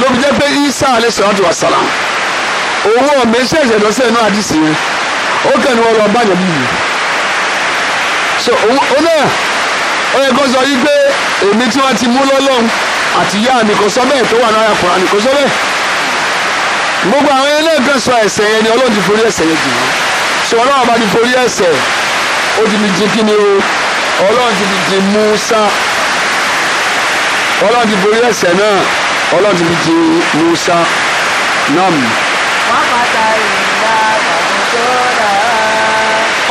ló fi jẹ́ pé isa alẹ́ sọ̀rọ̀ àti wàsálà owó ọ̀mẹ́ṣẹ̀ ẹ̀ṣẹ̀ lọ́sẹ̀ náà àdìsí yẹn ó kàn ní wọn lọ bá ànábì yìí so òun náà ó yẹ kó sọ yí pé èmi tí wọ́n ti mú lọ́lọ́run àti yá mi kò sọ bẹ́ẹ̀ tó wà náírà kùránì kò sọ bẹ́ẹ̀ gbogbo àwọn ẹlẹ́gàn sọ ẹ̀ṣẹ̀ yẹn ni ọlọ́run ti forí ẹ̀ṣẹ̀ yẹn jì wọ́n sọ ọlọ́run bá ti forí ẹ̀ṣẹ̀ ó ti fi kí ni o ọlọ́run ti fi jì Musa ọlọ́run ti forí ẹ̀ṣẹ̀ náà ọlọ́run ti fi jì Musa nam.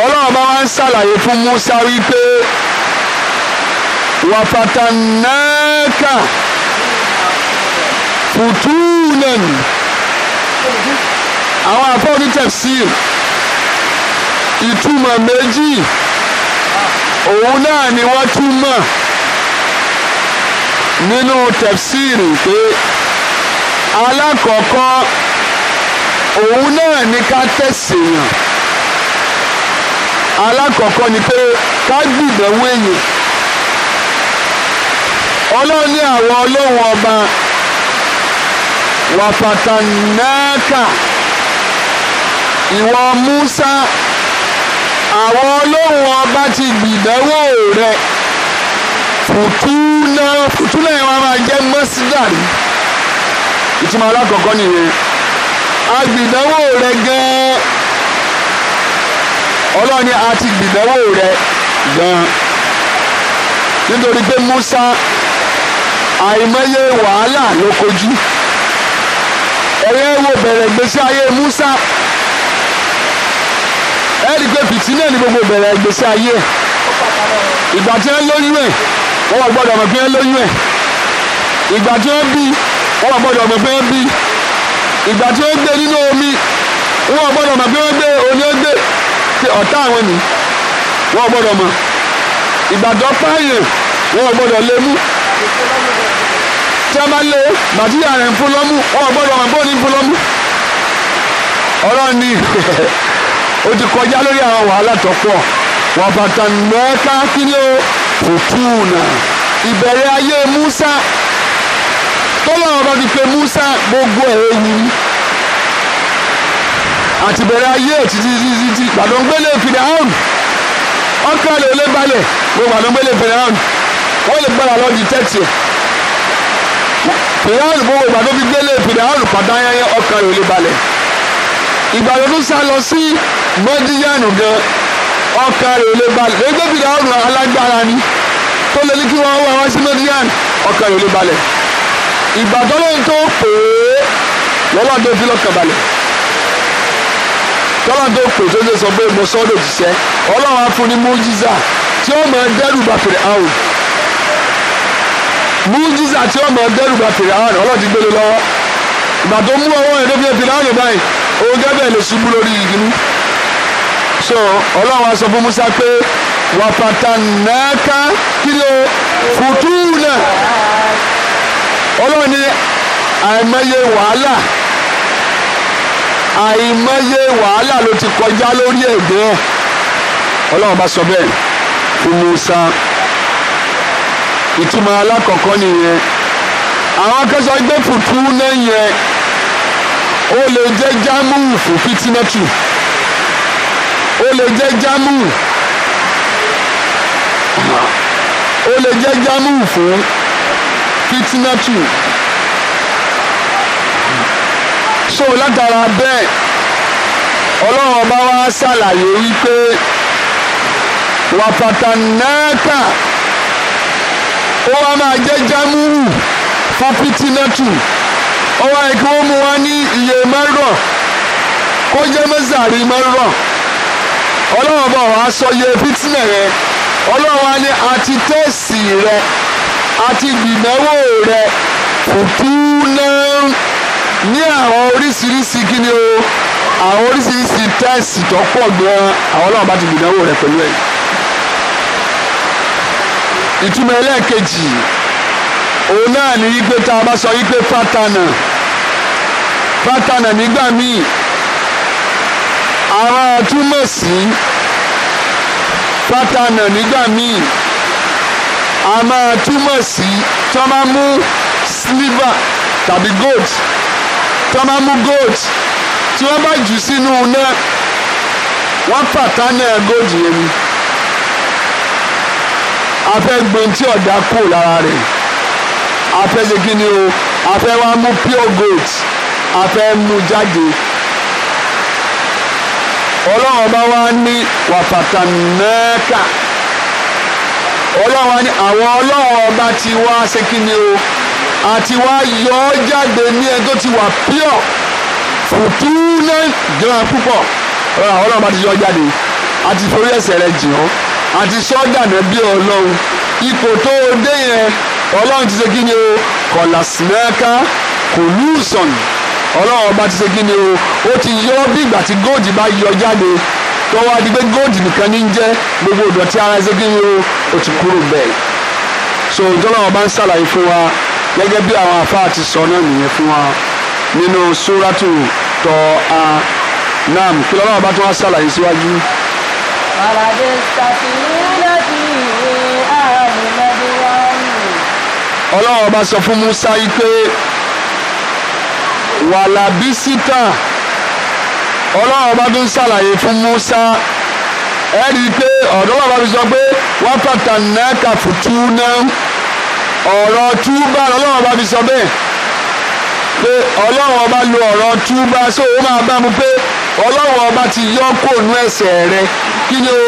ọlọ́run bá wá ń ṣàlàyé fún Musa wípé wàfàtànáàkà fùtúùnàn àwọn afọ́jú tafsir ìtumọ̀ méjì òun náà ni wọ́n túmọ̀ nínú tafsir pé alákọ̀ọ́kọ́ òun náà ni ká tẹ̀sèyàn alákọ̀ọ́kọ́ ni pé ká gbìdánwó èyàn ọlọ́run ní àwọn ọlọ́run ọba wàfàtànáàkà ìwọ Musa àwọn ọlọ́run ọba ti gbìdánwò rẹ fùtúnà fùtúnà yẹn máa jẹ́ mọ́sídàrí ìtumọ̀ alákọ̀ọ́kọ́ nìyẹn agbìdánwò rẹ gan-an ọlọ́run ni a ti gbìdánwò rẹ gan-an nítorí pé Musa àìmọye wàhálà ló kojú ẹ̀rẹ́ wo bẹ̀rẹ̀ gbèsè ayé Musa. ẹ rí i pé pìtì náà ní gbogbo ìbẹ̀rẹ̀ ìgbésí ayé ẹ̀ ìgbà tí wọ́n lóyún ẹ̀ wọ́n gbọ́dọ̀ mọ̀ pé wọ́n lóyún ẹ̀ ìgbà tí wọ́n bí wọ́n gbọ́dọ̀ mọ̀ pé wọ́n bí ìgbà tí wọ́n gbé nínú omi ni wọ́n gbọ́dọ̀ mọ̀ ìgbà tó wọ́n gbọ́dọ̀ lé mú tí a lé ó ti kọjá lórí àwọn wàhálà tó pọ̀ wàbàtà mẹ́ta kílò fòtúùnà ìbẹ̀rẹ̀ ayé Musa tọ́lọ́wọ́ bá ti pe Musa gbogbo ẹ̀ ewu àtìbẹ̀rẹ̀ ayé títí títí títí gbàdọ̀ngbélé fìdáhùn ọkàn lè lé balẹ̀ gbogbo gbàdọ̀ngbélé fìdáhùn wọ́n lè gbára lọ́ọ́ di tẹ́tì fìdáhùn gbogbo gbàdọ̀ngbélé fìdáhùn pàdánayẹ ọkàn lè lé balẹ̀ ìgbàdọ̀ngbélé sá lọ sí. Si, mọ́díyànù gan ọkàn rẹ̀ ò lè balẹ̀ ẹgbẹ́ fi ra alágbára ni tó lè ní kí wọ́n wá wá sí mọ́díyànù ọkàn rẹ̀ ò lè balẹ̀ ìgbàdàn lóhun tó pè é lọ́wọ́ tó fi lọ́kàn balẹ̀ tọ́lá tó pè tó ṣe sọ pé mo sọ́ ọ́ lòjíṣẹ́ ọlọ́run á fún ní mújísà tí ó máa dẹ́rù bá fèrè àwọn mújísà tí ó máa dẹ́rù bá fèrè àwọn ọlọ́run gbélé lọ́wọ́ ìgbà tó mú ọwọ́ yẹn tó fi fèrè àwọn báyìí òun gẹ́gẹ́ lè ṣubú lórí ìgbìmọ̀ so ọlọ́run wa sọ fún Musa pé wàpàtà nàákà kílò fùtúùnà ọlọ́run ní àìmọye wàhálà àìmọye wàhálà ló ti kọjá lórí èdè ẹ ọlọ́run bá sọ bẹ́ẹ̀ fún Musa ìtumọ̀ alákọ̀ọ́kọ́ nìyẹn àwọn akẹ́sọ̀ gbé fùtúùnà yẹn ó lè jẹ́ jámù fún fitinatu ó lè jẹ́ jámù ó lè jẹ́ jámù fún fitinatu so látara bẹ́ẹ̀ ọlọ́run ọba wa ṣàlàyé wípé wàpàtà náàkà ó wá máa jẹ́ jámúrù fún fitinatu ó wá ó mú wa ní iye mẹ́rọ̀ kó jẹ́ mẹ́sàrí mẹ́rọ̀ ọlọ́run bọ̀ wá sọ iye fìtínà rẹ ọlọ́run á ní àti tẹ̀sí rẹ àti gbìmẹ̀wò rẹ kùtù náà ní àwọn oríṣiríṣi kíni o àwọn oríṣiríṣi tẹ̀sí tó pọ̀ gan-an àwọn ọlọ́run bá ti gbìmẹ̀wò rẹ pẹ̀lú ẹ̀. ìtumọ̀ ẹlẹ́ẹ̀kejì òun náà ní wípé tá a bá sọ wípé pátánà pátánà nígbà míì àwọn túmọ̀ sí pátánà nígbà míì a máa túmọ̀ sí tí wọ́n bá mú silver tàbí gold tí wọ́n bá mú gold tí wọ́n bá jù sínú iná wọ́n pàtánà gold yẹn ni a fẹ́ gbin tí ọ̀dà kù lára rẹ̀ a fẹ́ ṣe kí ni o a fẹ́ wá mú pure gold a fẹ́ mú jáde ọlọ́run ọba wa ní wàfàtànẹ́ẹ̀kà ọlọ́run ni àwọn ọlọ́run ọba ti wá ṣe kí ni o àti wá yọ ọ́ jáde ní ẹni tó ti wà pure fùtúnẹ́ gan púpọ̀ ọlọ́run ọlọ́run ọba ti yọ ọ́ jáde àti forí ẹ̀ṣẹ̀ rẹ̀ jìn ọ́ àti sọ́dà náà bí ọlọ́run ipò tó o dé yẹn ọlọ́run ti ṣe kí ni o kọ̀làsínẹ́ẹ̀ká kòlúùsọ̀nù ọlọ́run ọba ti ṣe kí ni o ó ti yọ bí ìgbà tí góòdì bá yọ jáde tó wá di pé góòdì nìkan ní jẹ́ gbogbo ìdọ̀tí ara ṣe kí ni o ó ti kúrò bẹ́ẹ̀ so ìjọba ọba ń ṣàlàyé fún wa gẹ́gẹ́ bí àwọn àfáà ti sọ náà nìyẹn fún wa nínú súrátù tọ́ a nam kí lọ́wọ́ ọba tó wá ṣàlàyé síwájú. àlàyé ṣàfihàn láti ìwé ààrùn mẹ́bí ọlọ́run ọba sọ fún Musa yìí pé wàlàbísítà ọlọ́run bá tún ṣàlàyé fún Musa ẹ rí i pé ọ̀dọ́ bàbá mi sọ pé wọ́n pàtà náà kàfù tú náà ọ̀rọ̀ túbà ọlọ́run bá mi sọ bẹ́ẹ̀ pé ọlọ́run ọba lo ọ̀rọ̀ túbà so ó máa bá mu pé ọlọ́run ọba ti yọ kó nu ẹ̀ṣẹ̀ rẹ kí ni o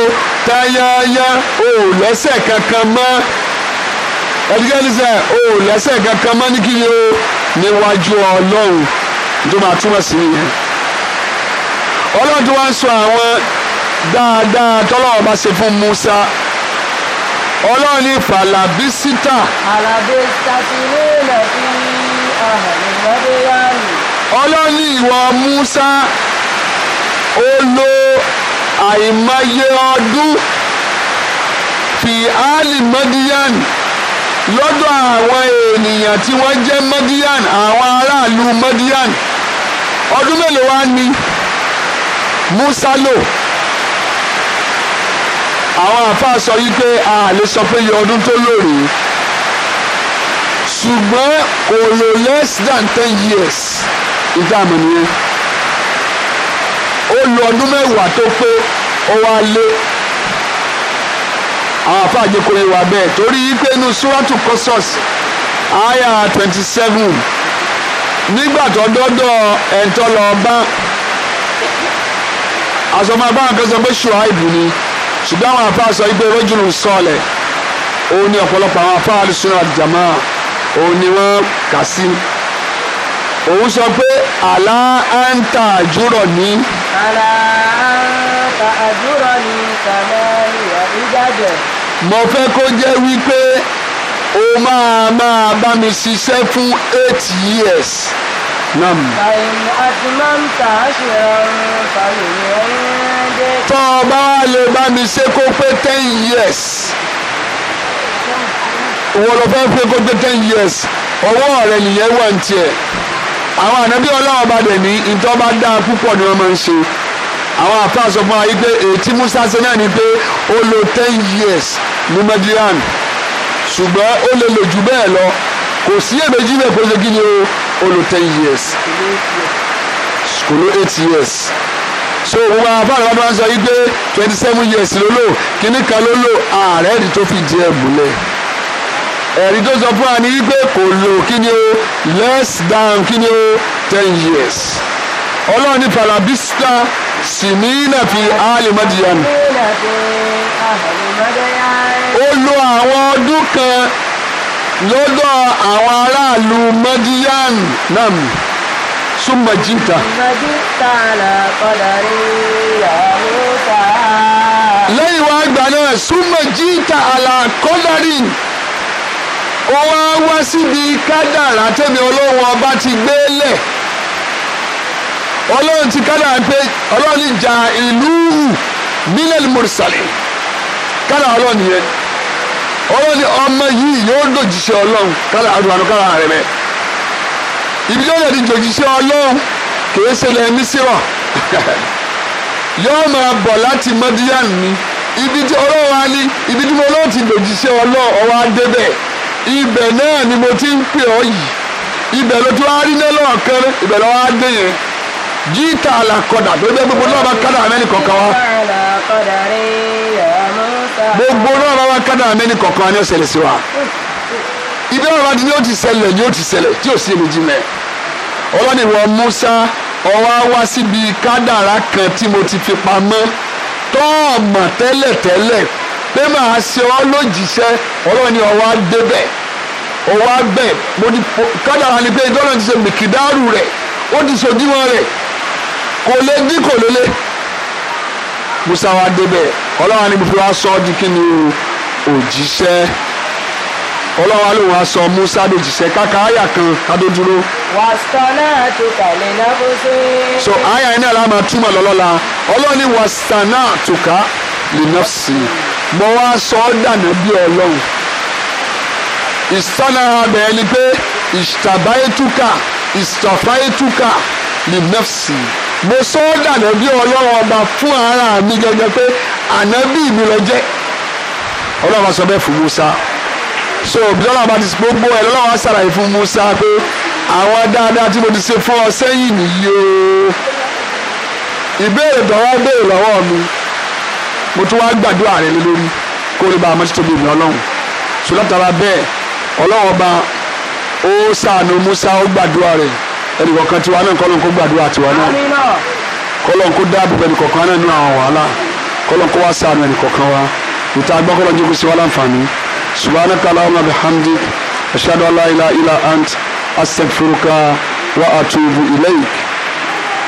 tayanya o lẹ́ṣẹ̀ kankan mọ́ ẹ̀dígẹ́lì sẹ́ o lẹ́ṣẹ̀ kankan mọ́ ní kí ni o níwájú ọlọ́run tó máa túmọ̀ sí nìyẹn ọlọ́run tí wọ́n ń sọ àwọn dáadáa tọ́lọ́wọ́ bá ṣe fún Musa ọlọ́run ní falabisita. alabisita ti ní ilẹ̀ fi ahàlì mọ́déyàmì. ọlọ́run ní ìwọ Musa ó lo àìmọye ọdún fi áàlì mọ́díyàmì lọ́dọ̀ àwọn ènìyàn tí wọ́n jẹ́ mọ́díyàmì àwọn aráàlú mọ́díyàmì ọdún mélòó wá ni Musa lò àwọn àfáà sọ yìí pé a lè sọ pé iye ọdún tó lò ṣùgbọ́n kò lò less than ten years ìjà àmì nìyẹn ó lo ọdún mẹ́wàá tó pé ó wá lé àwọn àfáà jẹ́ kó lè wà bẹ́ẹ̀ torí pé inú Suratu Qasas àyà twenty seven nígbà tó dọ́dọ̀ ẹ̀ńtọ́ lọ bá àsọmọ abáwọn kan sọ pé ṣùháìbù ni ṣùgbọ́n àwọn afa sọ ipe rẹ́jùlù sọ̀lẹ̀ òun ni ọ̀pọ̀lọpọ̀ àwọn afa àdìsúná àdìjàmá òun ni wọ́n kà sí òun sọ pé àlá àǹtà àjúrọ̀ ní. àlá àǹtà àjúrọ̀ ní kàmáà ìyá mo fẹ́ kó jẹ́ wípé o máa máa bá mi ṣiṣẹ́ fún eight years. Nam. Àyìn àti máa ń tà á ṣe ọrùn fàlùyẹ ẹ̀ẹ́dẹ́. Tọ́ ọ bá lè bá mi ṣe kó pé ten years. Ìwọ lọ fẹ́ pé kó pé ten years. Ọwọ́ rẹ̀ nìyẹn wà ní tiẹ̀. Àwọn ànábí ọlọ́run bá dẹ̀ ní ìtọ́ bá dáa púpọ̀ ni wọ́n máa ń ṣe. Àwọn àfáà sọ fún wa yí pé èyí tí Musa ṣe náà ni pé ó lo ten years ní Median ṣùgbọ́n ó lè lò jù bẹ́ẹ̀ lọ kò sí èméjì bẹ́ẹ̀ kó ṣe kí ni o ó lò ten years kò ló eight years so gbogbo àwọn afáàlú wa máa ń sọ yí pé twenty seven years ló lò kíní kan ló lò ààrẹ ẹ̀rí tó fi jẹ́ múlẹ̀ ẹ̀rí tó sọ fún wa ni wípé kò lò kíni o less than kíni o ten years ọlọ́run ní falabista simina fi ali madian. ó lo àwọn ọdún kan lọ́dọ̀ àwọn aráàlú madian náà súnmọ́ jíta. lẹ́yìn wá gbà náà súnmọ́ jíta àlàkọ́dárì ó wá wá síbi kádàrá tẹ̀mí ọlọ́run ọba ti gbé lẹ̀ ọlọ́run ti kádà pé ọlọ́run jà ìlú minel mursali kádà ọlọ́run yẹn ọlọ́run ni ọmọ yìí yóò dòjìṣẹ́ ọlọ́run kádà àdùnnú kádà rẹ̀ bẹ́ẹ̀ ibi yóò yẹn di dòjìṣẹ́ ọlọ́run kìí ṣẹlẹ̀ ní sírọ̀ yóò máa bọ̀ láti mọ́díyàn ni ibi tí ọlọ́run á ní ibi tí mo lọ́ọ́ ti dòjìṣẹ́ ọlọ́run ọwọ́ á débẹ̀ ibẹ̀ náà ni mo ti ń pè ọ́ yìí ibẹ̀ ló ti wá rí náà lọ́ọ̀kan ibẹ̀ lọ́wọ́ á yẹn. jíta àlàkọ̀dà tó jẹ́ gbogbo náà bá kádà mẹ́ni wa. gbogbo náà bá kádà mẹ́ni wa ni o ṣẹlẹ̀ sí wa. ibi àwọn bá ti ní ó ti ṣẹlẹ̀ ni o ti ṣẹlẹ̀ tí si sí èmi jìnnà. ọlọ́ni Musa ọwọ́ wasi síbi kadara kan tí mo ti fi pamọ́ tọ́ọ̀mọ̀ tẹ́lẹ̀tẹ́lẹ̀ pé màá ṣe ọ́ lójíṣẹ́ ọlọ́ni ọwa á débẹ̀ ọwọ́ á bẹ̀ kádàrá ni pé ìtọ́nà ti ṣe mìkìdárù rẹ̀ ó ti kò lè dín kò lè musa wa débẹ̀ ọlọ́wà ni musa wa sọ ọ́ di kí ni òjíṣẹ́ ọlọ́wà ló wà sọ musa di òjíṣẹ́ káka àyà kan kádó dúró. wà á sọ náà tó kàlẹ́ náà bó ṣe. so àyà yẹn náà la máa túmọ̀ lọ́lọ́la ọlọ́wà ni wà á náà tó ká lè náà sí i mo wá sọ ọ́ dànù bí ọlọ́run ìsọ̀nà abẹ́ ẹni pé ìṣtàbáyétúkà ìṣtàfáyétúkà. ní nọ́ọ̀sì mo sọ ọ́ dànàbí ọlọ́run ọba fún ara mi gẹ́gẹ́ pé ànábì mi lọ jẹ́ ọlọ́run bá sọ bẹ́ẹ̀ fún Musa so bíọ́lá bá ti gbogbo ẹ̀ lọ́wọ́ wá ṣàlàyé fún Musa pé àwọn dáadáa tí mo ti ṣe fún ọ sẹ́yìn nìyí o ìbéèrè bọ̀wọ́ béèrè lọ́wọ́ mi mo tún wá gbàdúrà rẹ lórí kó lè ba àmọ́ títóbi mi ọlọ́run ṣùgbọ́n tàbá bẹ́ẹ̀ ọlọ́run ọba ó ṣàánú Musa ó gbàdúrà rẹ̀ ẹnì kọ̀ọ̀kan tiwa náà kọ́ ló ń kó gbàdúrà tiwa náà kọ́ ló ń kó dáàbò ẹnì kọ̀ọ̀kan náà nínú àwọn wàhálà kọ́ ló ń kó wá ṣàánú ẹnì kọ̀ọ̀kan wa ìta agbọ́kọ̀lọ́ jókòó sí wa láǹfààní subhanaka allahumma bihamdik ashhadu an la ilaha illa ant astaghfiruka wa atubu ilayk.